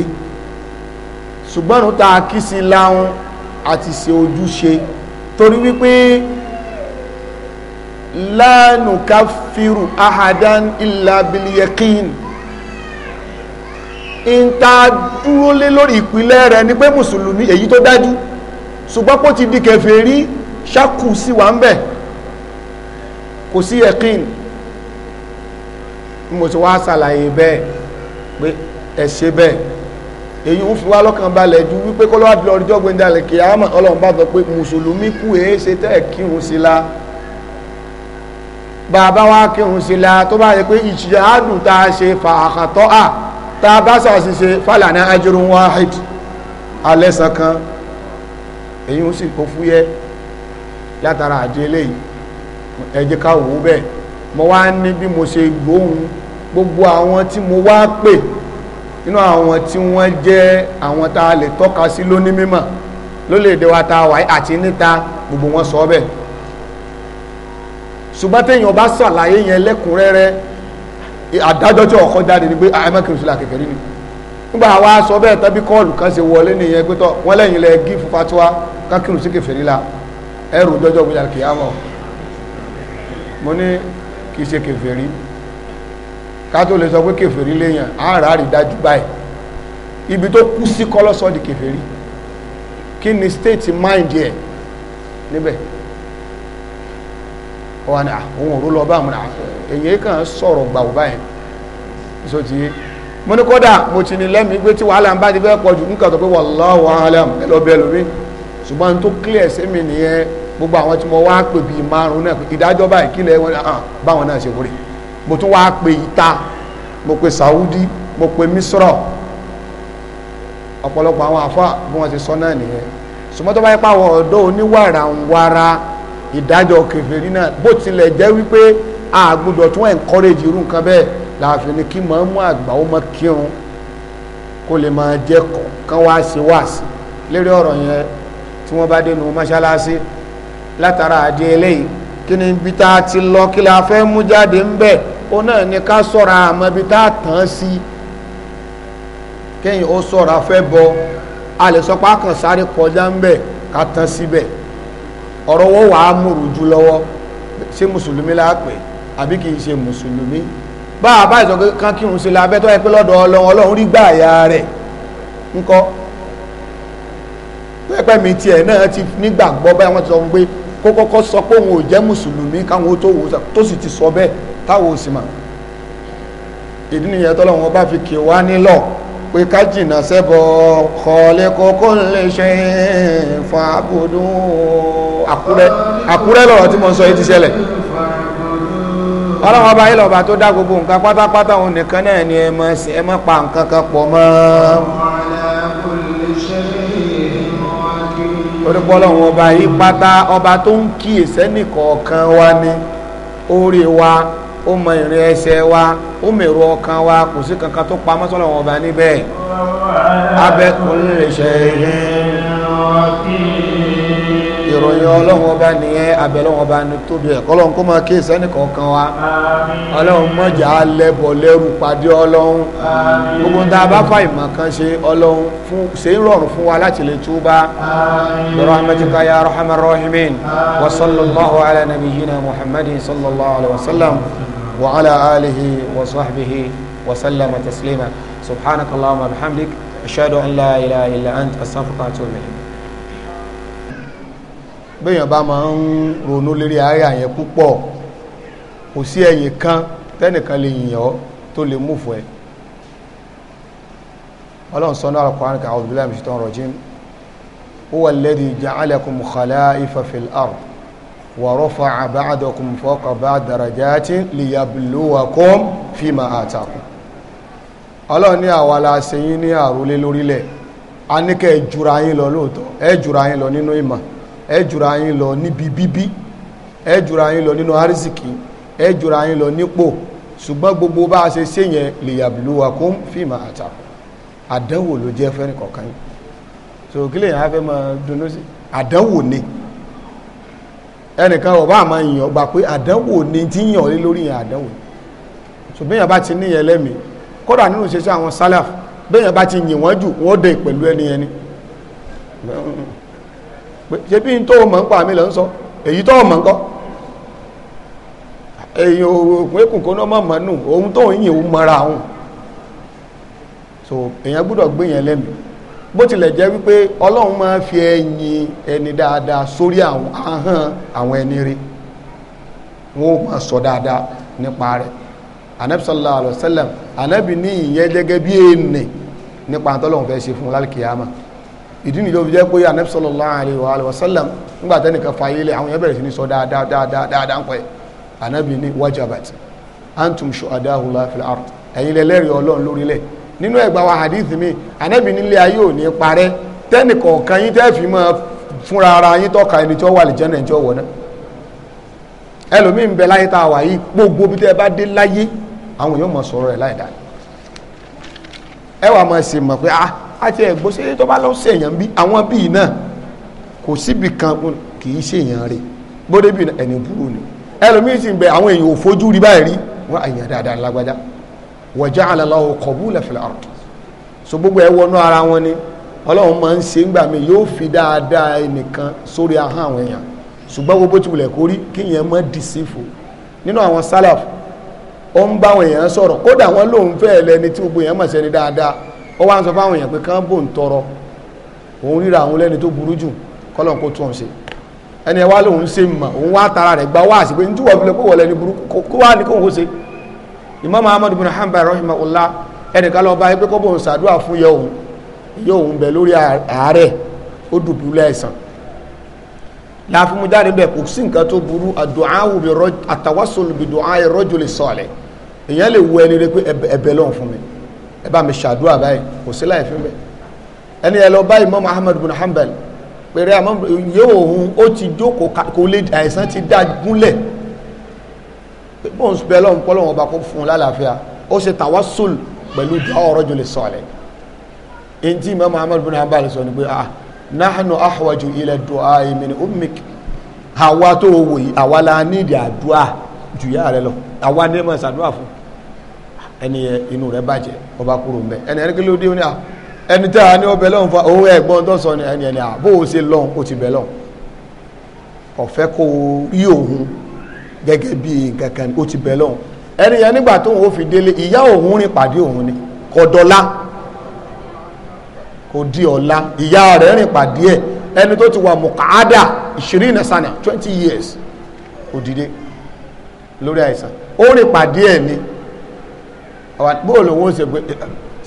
Speaker 1: ṣùgbọ́n ta kí sí láhun àti ṣe ojúṣe torí wípé la nukaffiru ahadan illa bil in ta dúró lé lórí ìpìlẹ̀ rẹ̀ ni pé mùsùlùmí èyí tó dájú ṣùgbọ́n kó ti di kèfèrí ṣákù sí wà ń bẹ̀ kò sí ẹ̀kín mo ti wá ṣàlàyé bẹ́ẹ̀ pé ẹ ṣe bẹ́ẹ̀ èyí ń fi wá lọ́kàn balẹ̀ ju wípé kó àdìlọ́ ọjọ́ gbẹ̀ndàlẹ̀ kì í àmọ́ ọlọ́run sọ pé mùsùlùmí kú èé ṣe tẹ́ kírun sí la bàbá wa kírun sí la tó bá yẹ pé ìṣìyà àdùn tá a ṣe fa àkàtọ́ à tá a bá ṣàṣìṣe fàlànà ajrun wahid alẹ́sàn kan èyí ń sì kó fúyẹ́ látara àdí eléyìí ẹ jẹ́ ká wò ó bẹ́ẹ̀ mo wá ní bí mo ṣe gbóhùn gbogbo àwọn tí mo wá pè nínú àwọn tí wọ́n jẹ́ àwọn tá a lè tọ́ka sí lóní mímọ̀ lólèdè wa ta wà àti níta gbogbo wọn sọ bẹ́ẹ̀ ṣùgbọ́n téèyàn bá ṣàlàyé yẹn lẹ́kùnrẹ́rẹ́ àdájọ́ tí ọkọ̀ jáde ni pé ah, àìmọ́kìrì sílá kẹfẹ́rí ni nígbà wa sọ bẹ́ẹ̀ tàbí kọ́ọ̀lù kan ṣe wọlé nìyẹn pé tọ́ wọ́n lẹ́yìn lẹ́ gí fún fatuwa sí kẹfẹ́rí la ẹrù jọjọ́ gbìyànjú kìyàmọ̀ mo ní kìí ṣe kèfèrí ká lè sọ pé kèfèrí léyàn ibi tó kú sí kọ́lọ́sọ́ di kèfèrí kí ni state mind ẹ̀ níbẹ̀ wà ní àwọn ah, òru lọ bá àmúra èyí kàn sọ̀rọ̀ gbà báyìí so ti mo ní kódà mo ti ní lẹ́mìí pé tí wàhálà ń bá ti fẹ́ pọ̀ jù nǹkan pé gbogbo àwọn tí mo wá pè bíi márùn náà ìdájọ́ báyìí kílẹ̀ wọn ah, báwọn náà ṣe wúrí mo tún wá pè ìta mo pè Saudi mo pè Misra ọ̀pọ̀lọpọ̀ àwọn àfa bí wọ́n ti sọ náà nìyẹn sùmọ́ tó bá yẹ pa àwọn ọ̀dọ́ oníwàràǹwara ìdájọ́ kèfèrí náà bó tilẹ̀ jẹ́ wípé a tún encourage irú nǹkan bẹ́ẹ̀ láàfin ni kí mọ̀ọ́mú àgbà ó mọ kírun kó lè máa jẹ́ kàn wá sí wá sí lérí ọ̀rọ̀ yẹn tí wọ́n bá dénú mọ́ṣáláṣí látara àdí eléyìí kí ni ibi tá a ti lọ kí la fẹ́ mú jáde ń bẹ̀ ó náà ní ká sọ̀ra àmọ́ ibi tá a tàn sí kéyìn ó sọ̀ra bọ a lè sọ pé kàn sáré kọjá ń bẹ̀ ká tàn síbẹ̀ ọ̀rọ̀ wọ́n wàá múrù jù lọ́wọ́ ṣé mùsùlùmí la pè àbí kì gbà ya rẹ̀ pẹ́pẹ́ mi tiẹ̀ náà ti nígbàgbọ́ báyìí wọ́n ti sọ kó kọ́kọ́ sọ pé òun ò jẹ́ mùsùlùmí káwọn tó wò tó sì ti sọ bẹ́ẹ̀ táwọn ò sì mọ̀ ìdí nìyẹn tọ́lọ́ wọn bá fi kì wá nílọ̀ pé ká jìnnà sẹ́bọ̀ kọ́lé kókó lè ṣe fún abudu àkúrẹ́ àkúrẹ́ lọ́rọ̀ tí mo ń sọ yìí ti ṣẹlẹ̀ ọlọ́wọ́ bá ilọ̀ bá tó dá gbogbo nǹkan pátápátá òun nìkan náà ni ẹ mọ̀ pa nǹkan kan pọ̀ mọ́ orúkọ ọlọ́run ọba yìí pátá ọba tó ń kíyèsẹ́ nìkọ̀ọ̀kan wa ni orí wa ó mọ ìrìn ẹsẹ̀ wa ó mẹ̀rọ ọkàn wa kò sí kankan tó pamọ́ sọ́lọ́run ọba níbẹ̀ abẹ́kùnrin rẹ̀ ṣe é ìròyìn ọlọ́run ọba nìyẹn abẹ́lọ́run ọba ní tóbi ẹ̀ kọ́lọ́run kó máa kíyèsí ẹnìkọ̀ọ̀kan wa ọlọ́run mọ̀jà lẹ́bọ̀ lẹ́rù pàdé ọlọ́run gbogbo tá a bá fà ìmọ̀ kan ṣe ọlọ́run ṣe ń rọrùn fún wa láti lè túbá
Speaker 2: rahmatika ya
Speaker 1: rahman rahimin wa sallallahu ala nabiyyina muhammadin sallallahu alaihi wa sallam wa ala alihi wa sahbihi wa sallama wa bẹ́yàn bá máa ń ronú lérí ayé àyẹn púpọ̀ kò sí ẹ̀yìn kan tẹ́nìkan lè yìn ọ́ tó lè mú fún ẹ ọlọ́run sọ́nà al-Qur'an a'udhu billahi minash shaitanir rajim huwa alladhi ja'alakum khala'ifa fil ard wa rafa'a ba'dakum fawqa ba'di darajatin liyabluwakum fima atakum ọlọ́run ní àwa ẹ jùra yín lọ níbi bíbí ẹ jùra yín lọ nínú arísìkí ẹ jùra yín lọ nípò ṣùgbọ́n gbogbo bá a ṣe ṣe yẹn lè yàbìlú wa kó fìmà àtàkùn àdánwò ló jẹ́ fẹ́ni kọ̀ọ̀kan yìí so kí lèyìn á fẹ́ máa dunú sí àdánwò ni ẹnìkan ọba àmọ́ yìnyàn gbà pé àdánwò ni tí yìnyàn lé lórí yẹn àdánwò so bẹ́yàn bá ti níyẹn lẹ́mìí kódà nínú ṣe sí àwọn sálàf bẹ́yàn bá ti yìn wọ́n jù wọ́n dẹ̀ pẹ̀lú ẹni ẹni pé ṣe bí n tó mọ̀ ń pa mi lọ ń sọ èyí tó mọ̀ ń kọ́ èyí òògùn ekùn náà mọ̀ nù ohun tó ń yìn òun mọ́ra òun so èyàn gbọ́dọ̀ gbé yẹn lẹ́nu bó tilẹ̀ jẹ́ wípé ọlọ́run máa fi ẹyin ẹni dáadáa sórí àwọn ahọ́n àwọn ẹni rí wọn ó máa sọ dáadáa nípa rẹ̀ anabi sallallahu alayhi wa ní ìyẹn gẹ́gẹ́ bí èèyàn nípa àtọ́lọ́run fẹ́ ṣe fún lálùkìyàmá ìdí nìjọ fi jẹ́ pé anabi sallallahu alayhi wa sallam nígbà tẹ́nìkan fa ilé àwọn yẹn bẹ̀rẹ̀ sí ní sọ dáadáa dáadáa dáadáa ń pẹ́ anabi ní wajabat antum shuhadahu la fil ard ẹ̀yin lẹ́lẹ́rìí ọlọ́run lórílẹ̀ nínú ẹgbà wa hadith mi anabi nílé ayé ò ní parẹ́ tẹ́nìkọ̀ọ̀kan yín tẹ́ fi máa fúnra ara yín tọ́ka ẹni tí ó wà lìjẹ́nà ẹni tí ó wọ̀ náà ẹlòmíì ń bẹ láyé tá a wà gbogbo bí tẹ́ bá dé láyé àwọn èèyàn mọ̀ sọ̀rọ̀ ẹ̀ láì dáa ẹ wà mọ̀ pé ah àti ẹ̀gbọ́n ṣe tó bá lọ sí èèyàn bí àwọn bíi náà kò síbi kan kì í ṣe èèyàn rẹ̀ bóde bíi ẹni burú ni ẹlòmíì sì ń bẹ àwọn èèyàn ò fojú rí báyìí rí wọn àyàn dáadáa lágbájá wa ja'ala lahu qabulan fil so gbogbo ẹ wọnú ara wọn ni ọlọ́run máa ń ṣe ńgbà mi yóò fi dáadáa ẹnìkan sórí ahọ́n àwọn èèyàn ṣùgbọ́n gbogbo ti wulẹ̀ kórí kí yẹn mọ́ dìsífò nínú àwọn sálàf ó ń báwọn èèyàn sọ̀rọ̀ kódà wọn lòun fẹ́ẹ̀ lẹni tí gbogbo èèyàn mọ̀ sẹ́ni dáadáa ó wá ń sọ fáwọn èèyàn pé kán bò ń tọrọ òun ríra àwọn lẹ́ni tó burú jù kọ́lọ̀ kó tún ṣe ẹni ẹ wá lóun ṣe mọ̀ òun wá tara rẹ̀ gba wáàsí pé njúwọ̀ bí lọ́pọ̀ wọlé ní burúkú kó wá ní kóhun ṣe Imam Ahmad bin Hanbal rahimahullah ẹnìkan lọ bá yẹ pé kó bóun ṣàdúrà fún yẹ òun yẹ òun bẹ lórí àárẹ̀ ó dùbú lẹ́sàn láàfin mu jáde bẹ́ẹ̀ kò sí nǹkan tó burú àdùnáwò bi àtàwásọ̀lù bi du'a rajuli salih èèyàn lè wọ ẹni rẹ pé ẹ̀bẹ̀ lọ́hùn fún mi ẹ bá mi ṣàdúrà báyìí kò sí láì fi mẹ́ ẹni ẹ lọ bá Imam Ahmad bin Hanbal pèrè àmọ́ yóò hun ó ti jókòó kò lè àìsàn ti dá gúnlẹ̀ bóun bẹ́ẹ̀ lọ́n pọ́ lọ́wọ́n ọba kó fún un lálàáfíà ó ṣe tawassul pẹ̀lú du'a rajul salih èyí tí Imam Ahmad bin Hanbal sọ ni pé ah nahnu ahwaju ila du'a min ummik àwa tó wòye àwa la nídìí àdúrà jù yára lọ àwa ní ẹ̀ máa ṣàdúrà fún un ẹni yẹn inú rẹ̀ bàjẹ́ ọba kúrò ń bẹ ẹni ẹni kí ló dé ní à ẹni tẹ́ a ní ọbẹ̀ lọ́hùn fa owó ẹ̀gbọ́n tó sọ ni ẹni ẹni à bó o ṣe lọ́hùn o ti bẹ̀ lọ́hùn ọ̀fẹ́ kó o rí òun gẹ́gẹ́ bí nǹkan o ti bẹ̀ lọ́hùn ẹni yẹn nígbà tó òun fi délé ìyá òun rìn pàdé òun ni kọ̀dọ̀lá kò di ọ̀la ìyá rẹ̀ rìn pàdé ẹ̀ ẹni tó ti wà mùkàádà ìṣirínà sànà twenty years òdìdé lórí àìsàn ó rìn pàdé ẹ̀ ni bóòlù òun ò ṣe pé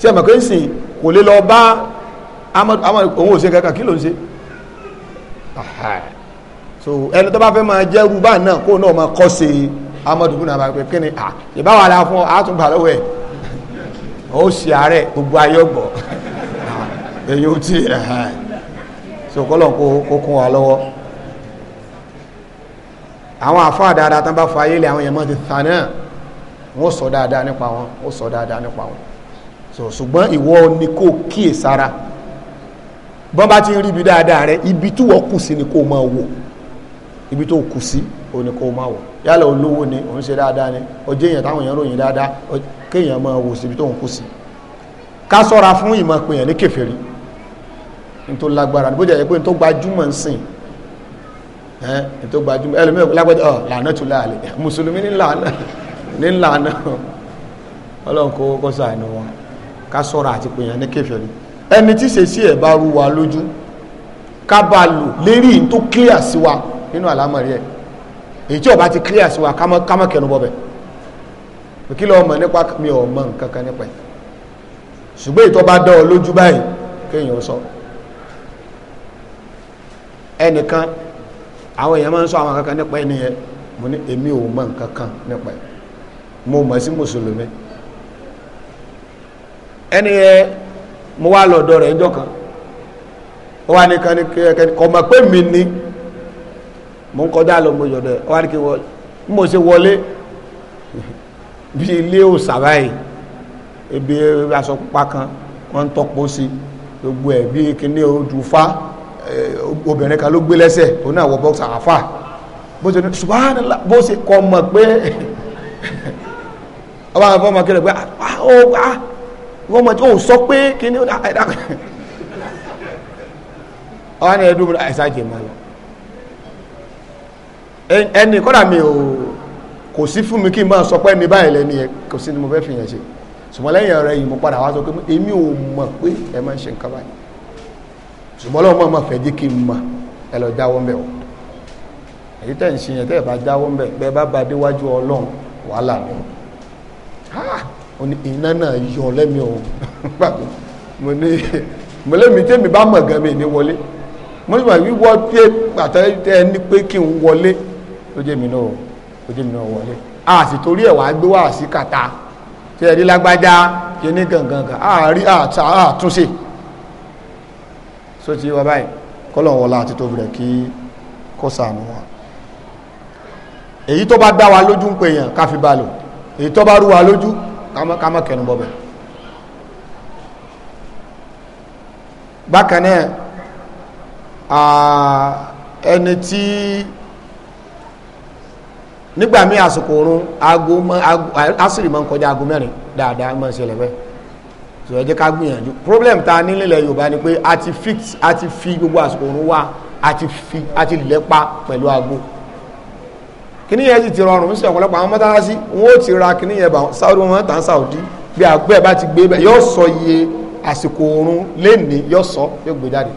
Speaker 1: ṣe mọ̀ pé ń sìn kò lè lọ bá òun ò ṣe kankan so ẹni tó bá fẹ́ máa jẹ́ rúbà náà kó náà máa kọ́ sí amadu bin abakpe kí ni à ìbáwọ̀ ara fún ọ àtúgbà lọ́wọ́ ẹ̀ ó ṣe àárẹ̀ gbogbo ayé ọgbọ̀ èyí ó ti so kọ́lọ̀ kó kún wa lọ́wọ́ àwọn àfáà dáadáa tán bá fọ ayé lé àwọn èèyàn mọ́ ti tàn wọ́n sọ dáadáa nípa wọn wọ́n sọ dáadáa nípa wọn so ṣùgbọ́n ìwọ ni kò kíyè sára bọ́n bá ti ń rí ibi dáadáa rẹ ibi tí wọ́n kù sí ni kò máa wò ibi tó kù sí o ni kò máa wò yálà olówó ni òun ṣe dáadáa ni ọjọ́ èèyàn táwọn èèyàn ròyìn dáadáa kéèyàn máa wò sí ibi tó ń kù sí ká sọ́ra fún ìmọ̀ pé èèyàn ní kèfèrí ní tó lágbára bó jẹ́ pé ní tó gbajúmọ̀ ń sìn ẹ́ ní tó gbajúmọ̀ ẹlòmíràn lágbájá tó láàlẹ̀ mùsùlùmí ní làánà nílànà ọlọ́run kó kọ́ sàánú wọn ká sọ́ra àti pèèyàn ní kèfèrí ẹni tí ṣèṣì ẹ̀ bá rú wa lójú ká bá lò lérí ìyìn tó clear sí wa nínú àlámọ̀rí ẹ̀ èyí tí ó bá ti clear sí wa ká mọ́ kẹnu bọ́bẹ̀ kí lọ́ọ́ mọ̀ nípa mi ò mọ̀ nǹkan kan nípa ẹ̀ ṣùgbọ́n ìtọ́ bá dán ọ lójú báyìí kéèyàn sọ ẹnìkan àwọn èèyàn máa ń sọ àwọn kankan nípa ẹni yẹn mo ní èmi ò mọ̀ nǹkan kan nípa ẹ̀ mo mọ̀ sí mùsùlùmí ẹni yẹn mo wá lọ́dọ̀ rẹ̀ ńjọ́ kan ó wá ní kan kò mọ̀ pé mi ni mo ń kọjá lọ mo yọ̀dọ̀ ó wá ní kí wọ́n mo ṣe wọlé (laughs) bí ilé òòsà báyìí ebi aṣọ pupa kan wọ́n ń tọ́pọ̀ sí gbogbo ẹ̀ bí kíní odù fa eh, obìnrin kan ló gbé lẹ́sẹ̀ òun náà wọ bọ́ọ̀sì àáfà bó ṣe ní subhanallah bó ṣe kò mọ̀ pé (laughs) ọba àwọn ọmọ akẹ́lẹ̀ pé ah, ah, oh, ah. wọ́n mọ̀ tí ó sọ pé kí ni ọba ní ẹdún àìsàn jẹ máa lọ ẹni kọ́dà mi ò kò sí fún mi kí n bá sọ pé ẹni báyìí lẹ́ni ẹ kò sí ni mo fẹ́ fi yẹn ṣe ṣùgbọ́n lẹ́yìn ọ̀rẹ́ yìí mo padà wá sọ pé èmi ò mọ̀ pé ẹ máa ń ṣe nǹkan báyìí ṣùgbọ́n lọ́wọ́ mọ̀ fẹ́ jí kí n mọ̀ ẹ lọ jáwọ́ mbẹ̀ o èyí tẹ̀ ń ṣe yẹn tẹ́ ẹ bá jáwọ́ mbẹ̀ bẹ́ẹ̀ bá ba déwájú ọlọ́run wàhálà ni iná náà yọ lẹ́mi o (laughs) mo ní mọ̀lẹ́mi tẹ́mi bá mọ̀ gan mi ní wọlé mo ní wíwọ́ pé pàtàkì ẹni pé kí n wọlé ó jẹ́ mi náà ó jẹ́ mi náà wọlé a sì torí ẹ̀ wá gbé wá sí kàtà tí ẹ̀rí lágbájá kíní gangan kan àárí àtúnṣe só ti wá báyìí kọ́lọ̀n wọlá àti tóbi rẹ̀ kí kó ṣàánú wa èyí tó bá dá wa lójú ń pè yàn káfí bá lò èyí tó bá rú wa lójú ká má kẹnu bọ́bẹ̀ bákan náà ẹni tí nígbà míì àsìkò oorun aago asìrì máa ń kọjá aago mẹ́rin dáadáa máa ń ṣẹlẹ̀ so ẹ jẹ́ ká gbìyànjú problem ta nílẹ̀ Yorùbá ni pé a ti fix a ti fi gbogbo àsìkò oorun wa a ti fi a ti lẹ́pa pẹ̀lú aago kíní yẹn sì ti rọrùn ń sọ ọ̀pọ̀lọpọ̀ àwọn mọ́tàlásí wọn ó ti ra kíní yẹn bá sáwọ́dí wọn tàn sáwọ́dí bí àgbẹ̀ bá ti gbé bẹ́ẹ̀ yóò sọ iye àsìkò oorun lénìí yóò sọ yóò gbé jáde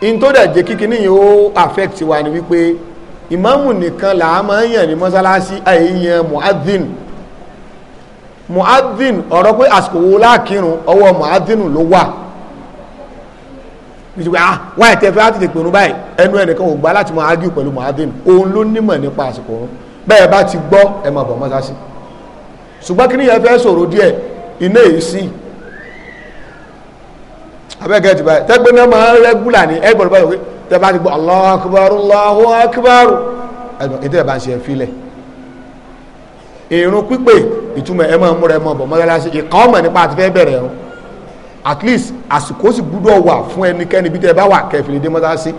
Speaker 1: in tó dẹ̀ jẹ́ affect wa ni wípé ìmáàmù nìkan là á máa ń yàn ní mọ́sálásí àìyàn muadhin muadhin ọ̀rọ̀ pé àsìkò wo láàkírun ọwọ́ muadhin ló wà wíṣíwá ah, wáyé tẹ́fẹ́ á tètè pèrún báyìí ẹnu ẹnìkan ò gbá láti máa ágíù pẹ̀lú muhammed òun ló nímọ̀ nípa àsìkò òun bẹ́ẹ̀ bá ti gbọ́ ẹ máa bọ̀ mọ́sáàsì ṣùgbọ́n kí nìyẹn fẹ́ sọ̀rọ̀ díẹ̀ iná èyí sí abẹ́gẹ́ ti báyìí tẹ́gbẹ́ náà máa ń rẹ́gúlà ní ẹgbọ̀n báyìí pé tẹ́ bá ti gbọ́ Allahu akbar Allahu akbar ẹgbọ̀n ètò ẹ̀ bá ń ṣe ẹ̀fílẹ̀ ìrun pípé ìtumọ̀ ẹ máa múra ẹ máa bọ̀ mọ́sáàsì ìkọ́ ọmọ nípa àti fẹ́ bẹ̀rẹ̀ ẹ̀rùn at least àsìkò sì gbúdọ̀ wà fún ẹnikẹ́ni bí tẹ́ bá wà kẹfìlẹ̀ dé mọ́tàsí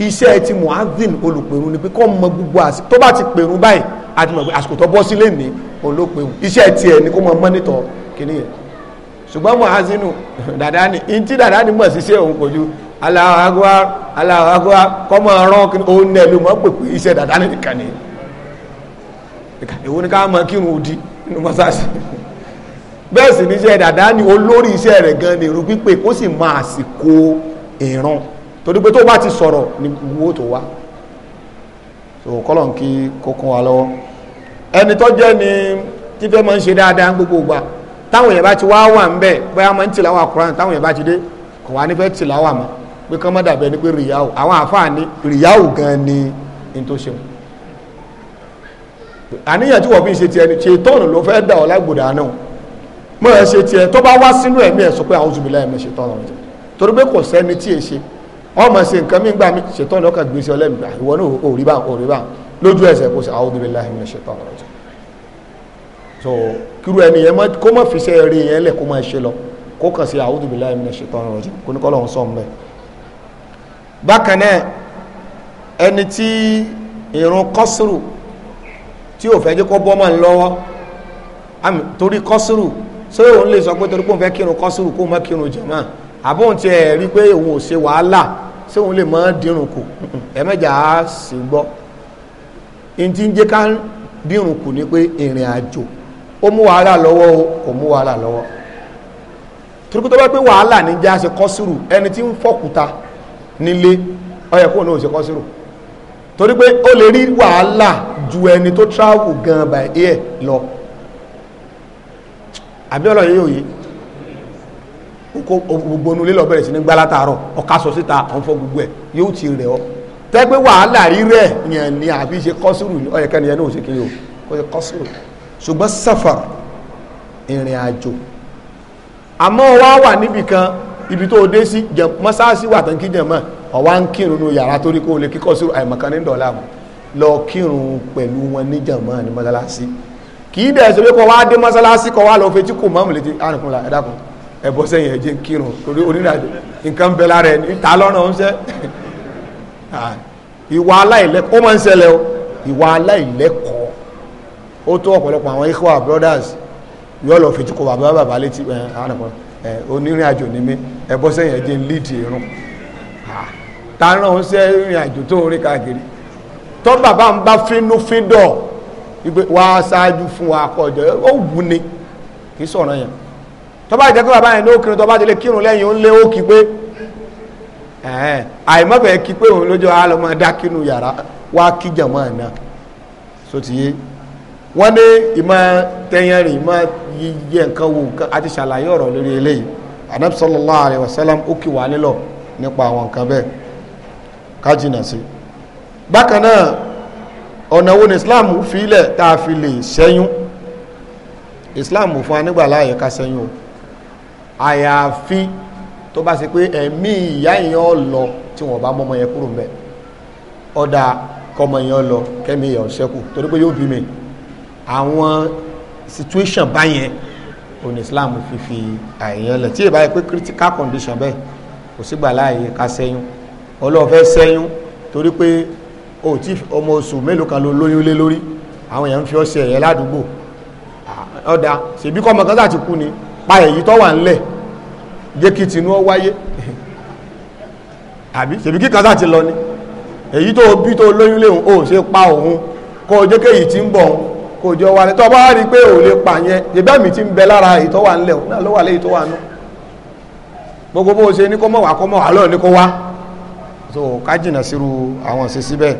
Speaker 1: iṣẹ́ ti muhazin olùpẹ̀rù ni pé kọ́ mọ gbogbo àsìkò tó bá ti pẹ̀rù báyìí àti mọ̀ pé àsìkò tó bọ́ sílé ní olópẹ̀rù iṣẹ́ ti ẹ̀ ni kó mọ mọ́nítọ̀ kìíní yẹn ṣùgbọ́n muhazinu (laughs) dàdá ni ntí dàdá ni mọ̀ síṣẹ́ òun kò ju Allahu Akbar Allahu Akbar kọ́ mọ ọ̀rán òun náà ló mọ̀ pé pé iṣẹ́ dàdá ni nìkan ni èwo ni ká mọ kírun òdi nínú mọ́sáàsì (laughs) bẹ́ẹ̀ sì ní iṣẹ́ dàda ni olórí iṣẹ́ rẹ̀ gan ni irú pípé kó sì máa àsìkò ìran torí pé tó bá ti sọ̀rọ̀ ni owó tó wá so kọ́lọ̀ kí kókún wa lọ́wọ́ ẹni tó jẹ́ ni fífẹ́ máa ń ṣe dáadáa gbogbo ìgbà táwọn èèyàn bá ti wá wà ń bẹ̀ bóyá máa ń tìláwà Kùránì táwọn èèyàn bá ti dé kò wá nífẹ̀ẹ́ tìláwà mọ́ pé kán mọ́ dàbẹ́ ni pé rìyáwó àwọn àfáà ní rìyáwó gan ni n tó ṣeun àníyàn tí wọ́n fi ń ṣe ti ẹni ṣe tọ́ọ̀nù ló fẹ́ dà ọ́ lágbòdà náà mọ́ ẹ ṣe tiẹ̀ tó bá wá sínú ẹ̀mí ẹ̀ sọ pé àwọn òṣùbìlà ẹ̀mí ṣe tán jẹ torí pé kò sẹ́ni tí ì ṣe ọmọ ṣe nǹkan mí gbà mí ṣètọ́ ni ọkàn gbèsè ọlẹ́mìgbà ìwọ náà ò rí bá ò rí bá lójú ẹsẹ̀ kò sí àwọn òṣùbìlà ẹ̀mí ṣe tán ọ̀rọ̀ jẹ so kíru ẹni yẹn kó mọ̀ fi ṣe eré yẹn lẹ̀ kó mọ̀ ṣe lọ kó kàn sí àwọn òṣùbìlà ẹ̀mí ṣe tán ọ̀rọ̀ jẹ kó ní kọ́ lọ́hún sọ̀ mbẹ́ bákan náà ẹni tí torí kọ́sùrù ṣé òun lè sọ pé torí pé òun fẹ́ kírun kọ́sùrù kó má kírun jàmá àbóhùn tiẹ̀ rí pé òun ò ṣe wàhálà ṣé òun lè máa dírun kù ẹ̀mẹ́jà á sì gbọ́ n ti ń jẹ́ ká dírun kù ni pé ìrìn àjò ó mú wàhálà lọ́wọ́ o kò mú wàhálà lọ́wọ́ torí pé tó bá pé wàhálà ní jẹ́ àṣẹ kọ́sùrù ẹni tí ń fọ́kúta nílé ó yẹ kóun náà ṣe kọ́sùrù torí pé ó lè rí wàhálà ju ẹni tó travel àbí ọlọ́yẹ yóò yí gbogbo onulé lọ bẹ̀rẹ̀ sí ní gbálátàárọ̀ ọ̀ká sọ síta ọ̀nfọ́ gbogbo ẹ̀ yóò ti rẹ̀ ọ́ tẹ́gbẹ́ wàhálà rírẹ̀ yẹn ni àbí ṣe kọ́sùrù ọ̀yẹ̀kẹ́ni yẹn náà ṣe kí o kó ṣe kọ́sùrù ṣùgbọ́n safar ìrìn àjò àmọ́ wá wà níbi kan ibi tó dé sí mọ́sáàsì wà tán kí jẹ̀mọ́ ọ̀wá ń kírun nínú yàrá torí kó lè kíkọ́ sí àìmọ̀kan ní dọ̀là lọ kírun pẹ̀lú wọn ní jẹ̀mọ́ ní kì í dẹ̀ ṣe pé kọ́ wá dé mọ́sálásí kọ́ wá lọ fẹ́ tí kò mọ́mù létí ah, àrùnkúnlá ẹ̀dàkùn ẹ̀bọ́ sẹ́yìn ẹ̀jẹ̀ kírun torí onírìnàjò nǹkan bẹ lára ẹ̀ níta lọ́nà ń ṣẹ́ (laughs) ah, ìwà aláìlẹ́kọ̀ọ́ ó máa ń ṣẹlẹ̀ o ìwà aláìlẹ́kọ̀ọ́ ó tó ọ̀pọ̀lọpọ̀ àwọn ikhwa brothers yóò lọ fẹ́ tí kò bàbá bàbá létí eh, ah, àrùnkúnlá onírìnàjò ni mí ẹ̀bọ́ sẹ́yìn ẹ̀jẹ̀ lídìí irun ta náà ń ṣe ìrìn àjò tó orí káàkiri tọ́ bàbá ń bá fínúfíndọ̀ wípé wá ṣáájú fún wa kọjọ ó wù ní kì í sọ̀rọ̀ yẹn tó bá jẹ́ pé bàbá yẹn ní òkìrin tó bá ti lè kírun lẹ́yìn ó ń lé ó kí pé àìmọ́bẹ̀ kí pé òun lójú àlọ́ máa dá kínú yàrá wá kí jàmọ́ àná so ti yé wọ́n ní ìmọ̀ tẹ́yẹn rìn ìmọ̀ yíyẹ nǹkan wo nǹkan àti ṣàlàyé ọ̀rọ̀ lórí eléyìí anabi sallallahu alayhi wa sallam ó kì wá nílọ nípa àwọn nǹkan bẹ́ẹ̀ ká jìnnà sí bákan náà ọ̀nà wo ni islam fi ilẹ̀ tá a fi lè ṣẹ́yún islam fún anígbà láàyè ká ṣẹ́yún o àyàfi tó bá ṣe pé ẹ̀mí ìyá yẹn lọ tí wọ́n bá mọ́mọ́ yẹn kúrò mbẹ́ ọ̀dà kọmọ yẹn lọ kẹ́mi yẹn ṣẹ́kù torí pé yóò bí mi àwọn situation báyẹn òní islam fífi àyẹ̀yẹ́ lẹ̀ tí ì báyìí pé critical condition bẹ́ẹ̀ kò sígbà láàyè ká ṣẹ́yún ọlọ́ọ̀fẹ́ ṣẹ́yún torí pé o tí ọmọ oṣù mélòó kan ló lóyún lé lórí àwọn èèyàn ń fi ọṣẹ ẹ̀yẹ ládùúgbò ọ̀dà ṣèbí kọ́mọ kan láti kú ni pa èyí tó wà ńlẹ̀ jẹ́ kí tinú ọ wáyé (laughs) àbí ṣèbí kí kan láti lọ ni èyí tó bí tó lóyún léhùn ó ṣe pa òun kó o jẹ́ kéyìí tí ń bọ̀ òun kò jọ wà ní tó bá rí pé ò lè pa yẹn ìbẹ́ mi ti ń bẹ lára èyí tó wà ńlẹ̀ òun náà ló wà léyìí tó wà nú gbogbo bó ṣe ní kó mọ̀ wá kó lọ́ọ̀ ní kó wá so ká jìnà sírú àwọn ìṣesí bẹ́ẹ̀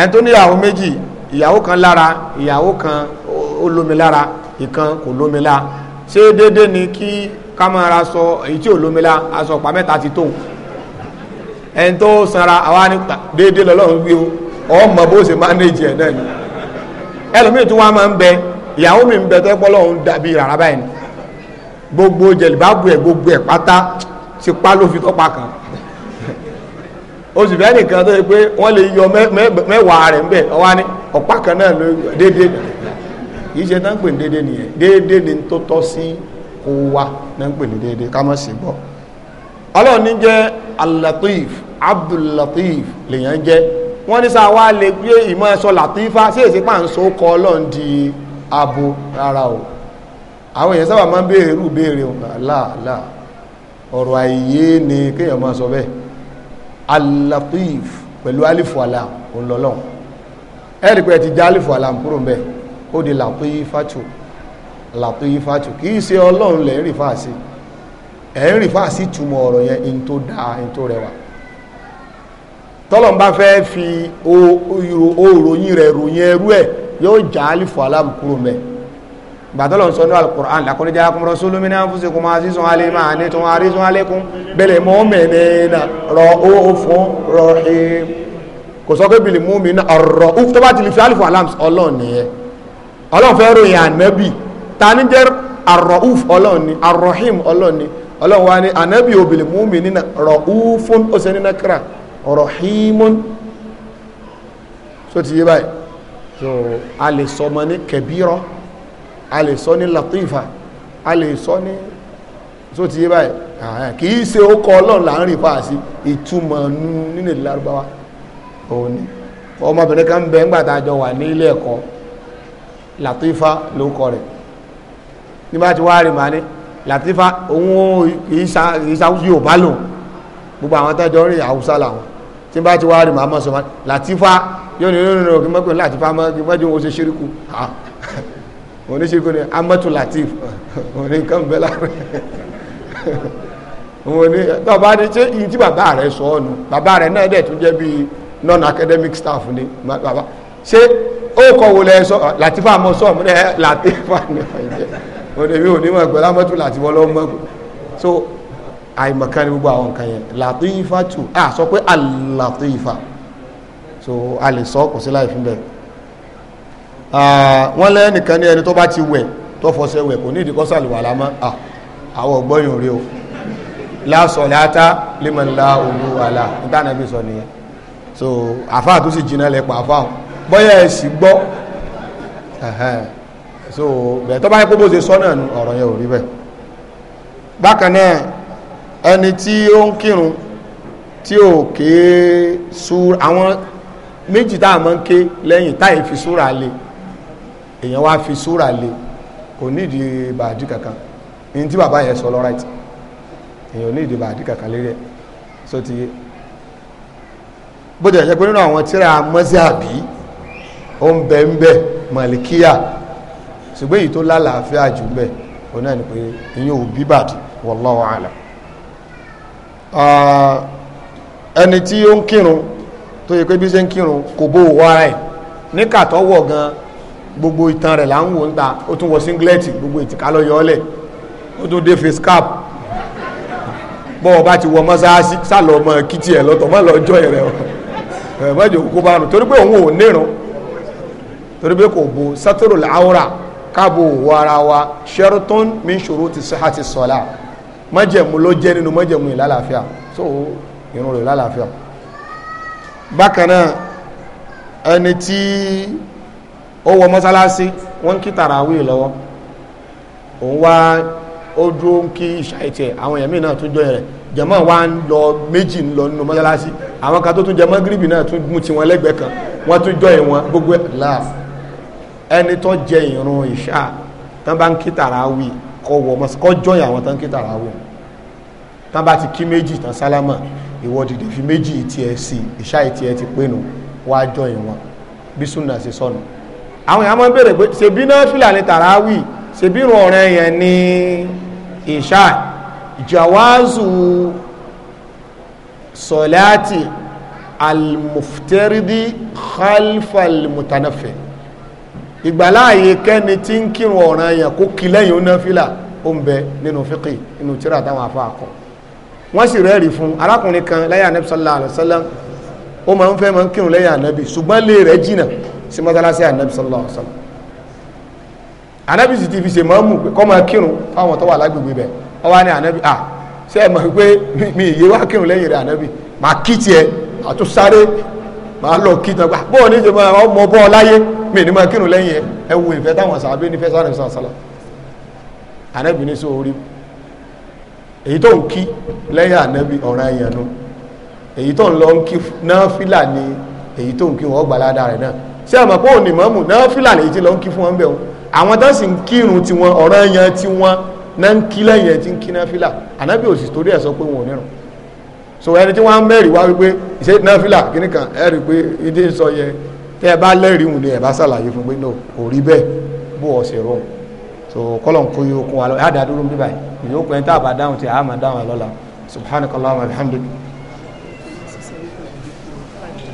Speaker 1: ẹni tó níyàwó méjì ìyàwó kan lára ìyàwó kan ó lómi lára ìkan kò lómi la ṣé déédéé ni kí ká máa ra sọ èyí tí ò lómi lára aṣọ ọ̀pá mẹ́ta ti tó ẹni tó sanra àwa ní déédéé lọ́lọ́run gbé o ọmọ bó ṣe manage ẹ̀ náà ni ẹlòmíì tí wọ́n máa ń bẹ ìyàwó mi ń bẹ tó pọ́ lọ́run dàbí rárá báyìí gbogbo jẹ̀lìbábù ẹ̀ gbogbo ẹ̀ pátá ti pa ló fi tọ́pa kan oṣù fẹ́ nìkan tó yẹ pé wọ́n lè yọ mẹ́wàá rẹ̀ ńbẹ̀ ọwá ní ọ̀pá kan náà ló dédé kì í pè ní dédé nìyẹn dédé ni tó tọ́ sí kó wá náà ń pè ní dédé ká má gbọ́ ọlọ́run ní jẹ́ alatif abdullatif lèèyàn jẹ́ wọ́n ní sáà wá lè gbé ìmọ̀ ẹ̀sọ́ latifa sí èsì pà ń so kọ ọlọ́run di abo rárá o àwọn èèyàn sábà máa ń béèrè irú béèrè ọ̀rọ̀ àìyé ni kéèyàn máa sọ bẹ́ẹ̀ alatif pẹ̀lú alifu alam olọ́lọ́ ẹ̀rì pé ti já alifu alam kúrò mbẹ́ ó di latifatu latifatu kì í ṣe ọlọ́run lẹ̀ ń rìn fáàsì ẹ̀ ń rìn fáàsì túmọ̀ ọ̀rọ̀ yẹn in tó dáa in tó rẹwà tọ́lọ̀ bá fẹ́ fi òòròyìn rẹ̀ ròyìn ẹrú ẹ̀ yóò já alifu alam kúrò mbẹ́ gbàtọ́lọ̀ ń sọ ní alukur'an lakọ́ni jẹ́ akọ́mọ́rọ́ sólómìnà fúnṣe kò máa sísun alẹ́ máa ní tún àrísun alẹ́kùn bẹ̀lẹ̀ mọ́ mẹ́mẹ́nà rọ ó fún rọ ẹ̀ kò sọ pé bìlì mú mi náà rọ ó tó bá ti lè fi alifu alams ọlọ́run nìyẹn ọlọ́run fẹ́ ròyìn ànábì ta ní jẹ́ arọ uf ọlọ́run ni arọhim a lè sọ ní latifa a lè sọ ní so ti yé báyìí kì í ṣe ó kọ ọlọ́run là ń rìn pa àti ìtumọ̀ nínú ìlú lárúbáwá òun ni ọmọbìnrin kan bẹ ńgbà tá a jọ wà ní ilé ẹ̀kọ́ latifa ló kọ rẹ̀ nígbà tí wàá rí màá ní latifa òun ìṣàwùsí yorùbá lòun gbogbo àwọn tẹ́jọ rí haúsá làwọn tí bá ti wàá rí màá mọ̀ sọ ma latifa yóò ní yóò ní kí mọ́kùnrin latifa mọ́ kí mọ́jú òun ṣe ṣíríkù oníṣègùn ni amatu latif òní nǹkan bẹ́ẹ̀ láàrin òun ni bàbá ni ṣé iye tí bàbá rẹ̀ sọ ọ́ bàbá rẹ̀ náà dẹ̀ tún jẹ́ bíi non academic staff ni bàbá ṣé ó kọ wo lẹ sọ latifa mọ sọ ọmọdé latifa ni ọjẹ òde mi ò ní mọ pẹ̀lú amatu latif ọlọmọ so àìmọ̀kan ni gbogbo àwọn nǹkan yẹn latifa tù à sọ pé alatifa so a lè sọ kò sí láì fún bẹ́ẹ̀ wọ́n lẹ́nìkan ní ẹni tó bá ti wẹ̀ tó fọṣẹ wẹ̀ kò ní ìdíkọ́ sàlùwàlá mọ́ àwọn ọ̀gbọ́yìn rí o lásọ̀ látá límọ̀lá olúwàlá ìtànàbí sọ nìyẹn so àfáà tó sì jìnnà lẹ́pọ̀ àfáà bọ́yá ẹ̀ sì gbọ́ so bẹ̀ẹ̀ tó bá yẹ kó bó ṣe sọ náà ọ̀rọ̀ yẹn ò rí bẹ́ẹ̀ bákan náà ẹni tí ó ń kírun tí ò ké súra àwọn méjì tá a máa ń ké lẹ́yìn táyì fi súra lé èèyàn wá fi súrà lé kò nídìí bàdí kankan ní tí bàbá yẹn sọ lọ́ráìtì èèyàn nídìí bàdí kankan lérí ẹ̀ so ti yé bó ti ẹ̀jẹ̀ pé nínú àwọn tíra mọ́síàbí ó ń bẹ ń bẹ màlìkíyà ṣùgbọ́n èyí tó lálàáfíà jù ń bẹ òun náà ni pé ìyẹn ò bí bàdí wallahu alam ẹni tí ó ń kírun tó yẹ pé bí ṣe ń kírun kò bó wọ ara ẹ̀ níkàtọ́wọ̀ gan-an gbogbo ìtàn rẹ̀ là ń wò ń ta ó tún wọ singlẹ́tì gbogbo ìtìká lọ ó tún dé face cap bọ́ọ̀ bá ti wọ mọ́sáàsì sálọ ọmọ kìtì ẹ̀ lọ́tọ̀ mọ́ lọ́jọ́ rẹ̀ (laughs) ẹ̀ mọ́jọ kó bá rùn torí pé òun ò níran torí pé kò bo sátúrò láwùrà káàbò òwò ara wa sheraton minṣoro ti sọ́ha ti sọ́la májẹ̀mú ló jẹ́ nínú májẹ̀mú ìlàlàáfíà so irun rẹ̀ ìlàlàáfíà bákan náà ẹni tí ó wọ mọ́sálásí wọ́n ń kí tàràwí lọ́wọ́ òun wá ó dúró ń kí ìṣàìtì ẹ̀ àwọn èèyàn míì náà tún jọyìn rẹ̀ jẹ̀mọ́ wa ń lọ méjì ń lọ nínú mọ́sálásí àwọn kan tó tún jẹmọ́ gíríbì náà tún mú tiwọn lẹ́gbẹ̀ẹ́ kan wọ́n tún jọyìn wọn gbogbo láàf ẹni tó jẹ ìrun ìṣà tán bá ń kí tàràwí kọ́ wọ mọ́sálásí kọ́ jọyìn àwọn tán kí tàràwí tán bá ti kí méjì tán sálámà ìwọ dìde fi méjì tiẹ̀ sí ìṣà ìtiẹ̀ ti pé wá jọyìn wọn bí súnà ṣe sọnù àwọn èèyàn máa ń bèèrè pé ṣebí náà fìlà ní tàràwì ṣebí irun ọ̀rẹ́ yẹn ní ìṣá jawazu sọláàtì almufteridi khalfalmutanafe ìgbàláàyè kẹ́ni tí ń kírun ọ̀ràn yẹn kó kí lẹ́yìn ó náà fìlà ó ń bẹ nínú fíkì nínú tíra táwọn afọ àkọ wọ́n sì rẹ́rìí fún arákùnrin kan lẹ́yìn anabi sallallahu ó máa ń fẹ́ máa ń kírun lẹ́yìn anabi ṣùgbọ́n lè rẹ̀ jìnnà sí mọ́sálásí ànábì sallallahu alaihi wasallam ànábì sì ti fi ṣe mọ́mù pé kọ́ máa kírun fáwọn tó wà lágbègbè bẹ̀ wọ́n wá ní ànábì à ṣe é mọ̀ pé mi ìyé wá kírun lẹ́yìn rẹ̀ ànábì máa kí tiẹ̀ àtúnsáré máa lọ kí tán gbà bọ́ọ̀ ní ṣe ọmọ bọ́ọ̀ láyé mi ní máa kírun lẹ́yìn ẹ ẹ wo ìfẹ́ táwọn sàábé nífẹ̀ẹ́ sáré sàṣàlá ànábì ní sọ orí èyí tó ń kí lẹ́yìn ànábì ọ̀ràn ẹ̀yàn èyí tó ń lọ ń kí náà fìlà ni èyí tó ń kí wọ́n gbà ládàá náà ṣé àmọ́ pé òní mọ́mù náà fìlànà èyí tí lọ ń kí fún wọn bẹ́ẹ̀ o àwọn tó sì ń kírun tiwọn ọ̀rọ̀ ẹ̀yàn tiwọn náà ń kí lẹ́yìn ẹ̀ tí ń kí náà fìlà ànábì òsì torí ẹ̀ sọ pé wọn ò nírun so ẹni tí wọ́n mẹ́rìí wá wípé ṣé náà fìlà kíní kan ẹ rí i pé ìdí ń sọ yẹ tẹ́ ẹ bá lẹ́rìí wù ni ẹ bá ṣàlàyé fún pé no kò rí bẹ́ẹ̀ bó ọ̀sẹ̀ rọrùn so kọ́lọ̀ ń kó yóò kún wa lọ ẹ̀ á dá dúró ń bí báyìí ìyókù ẹ̀ ń tá a máa dáhùn lọ́la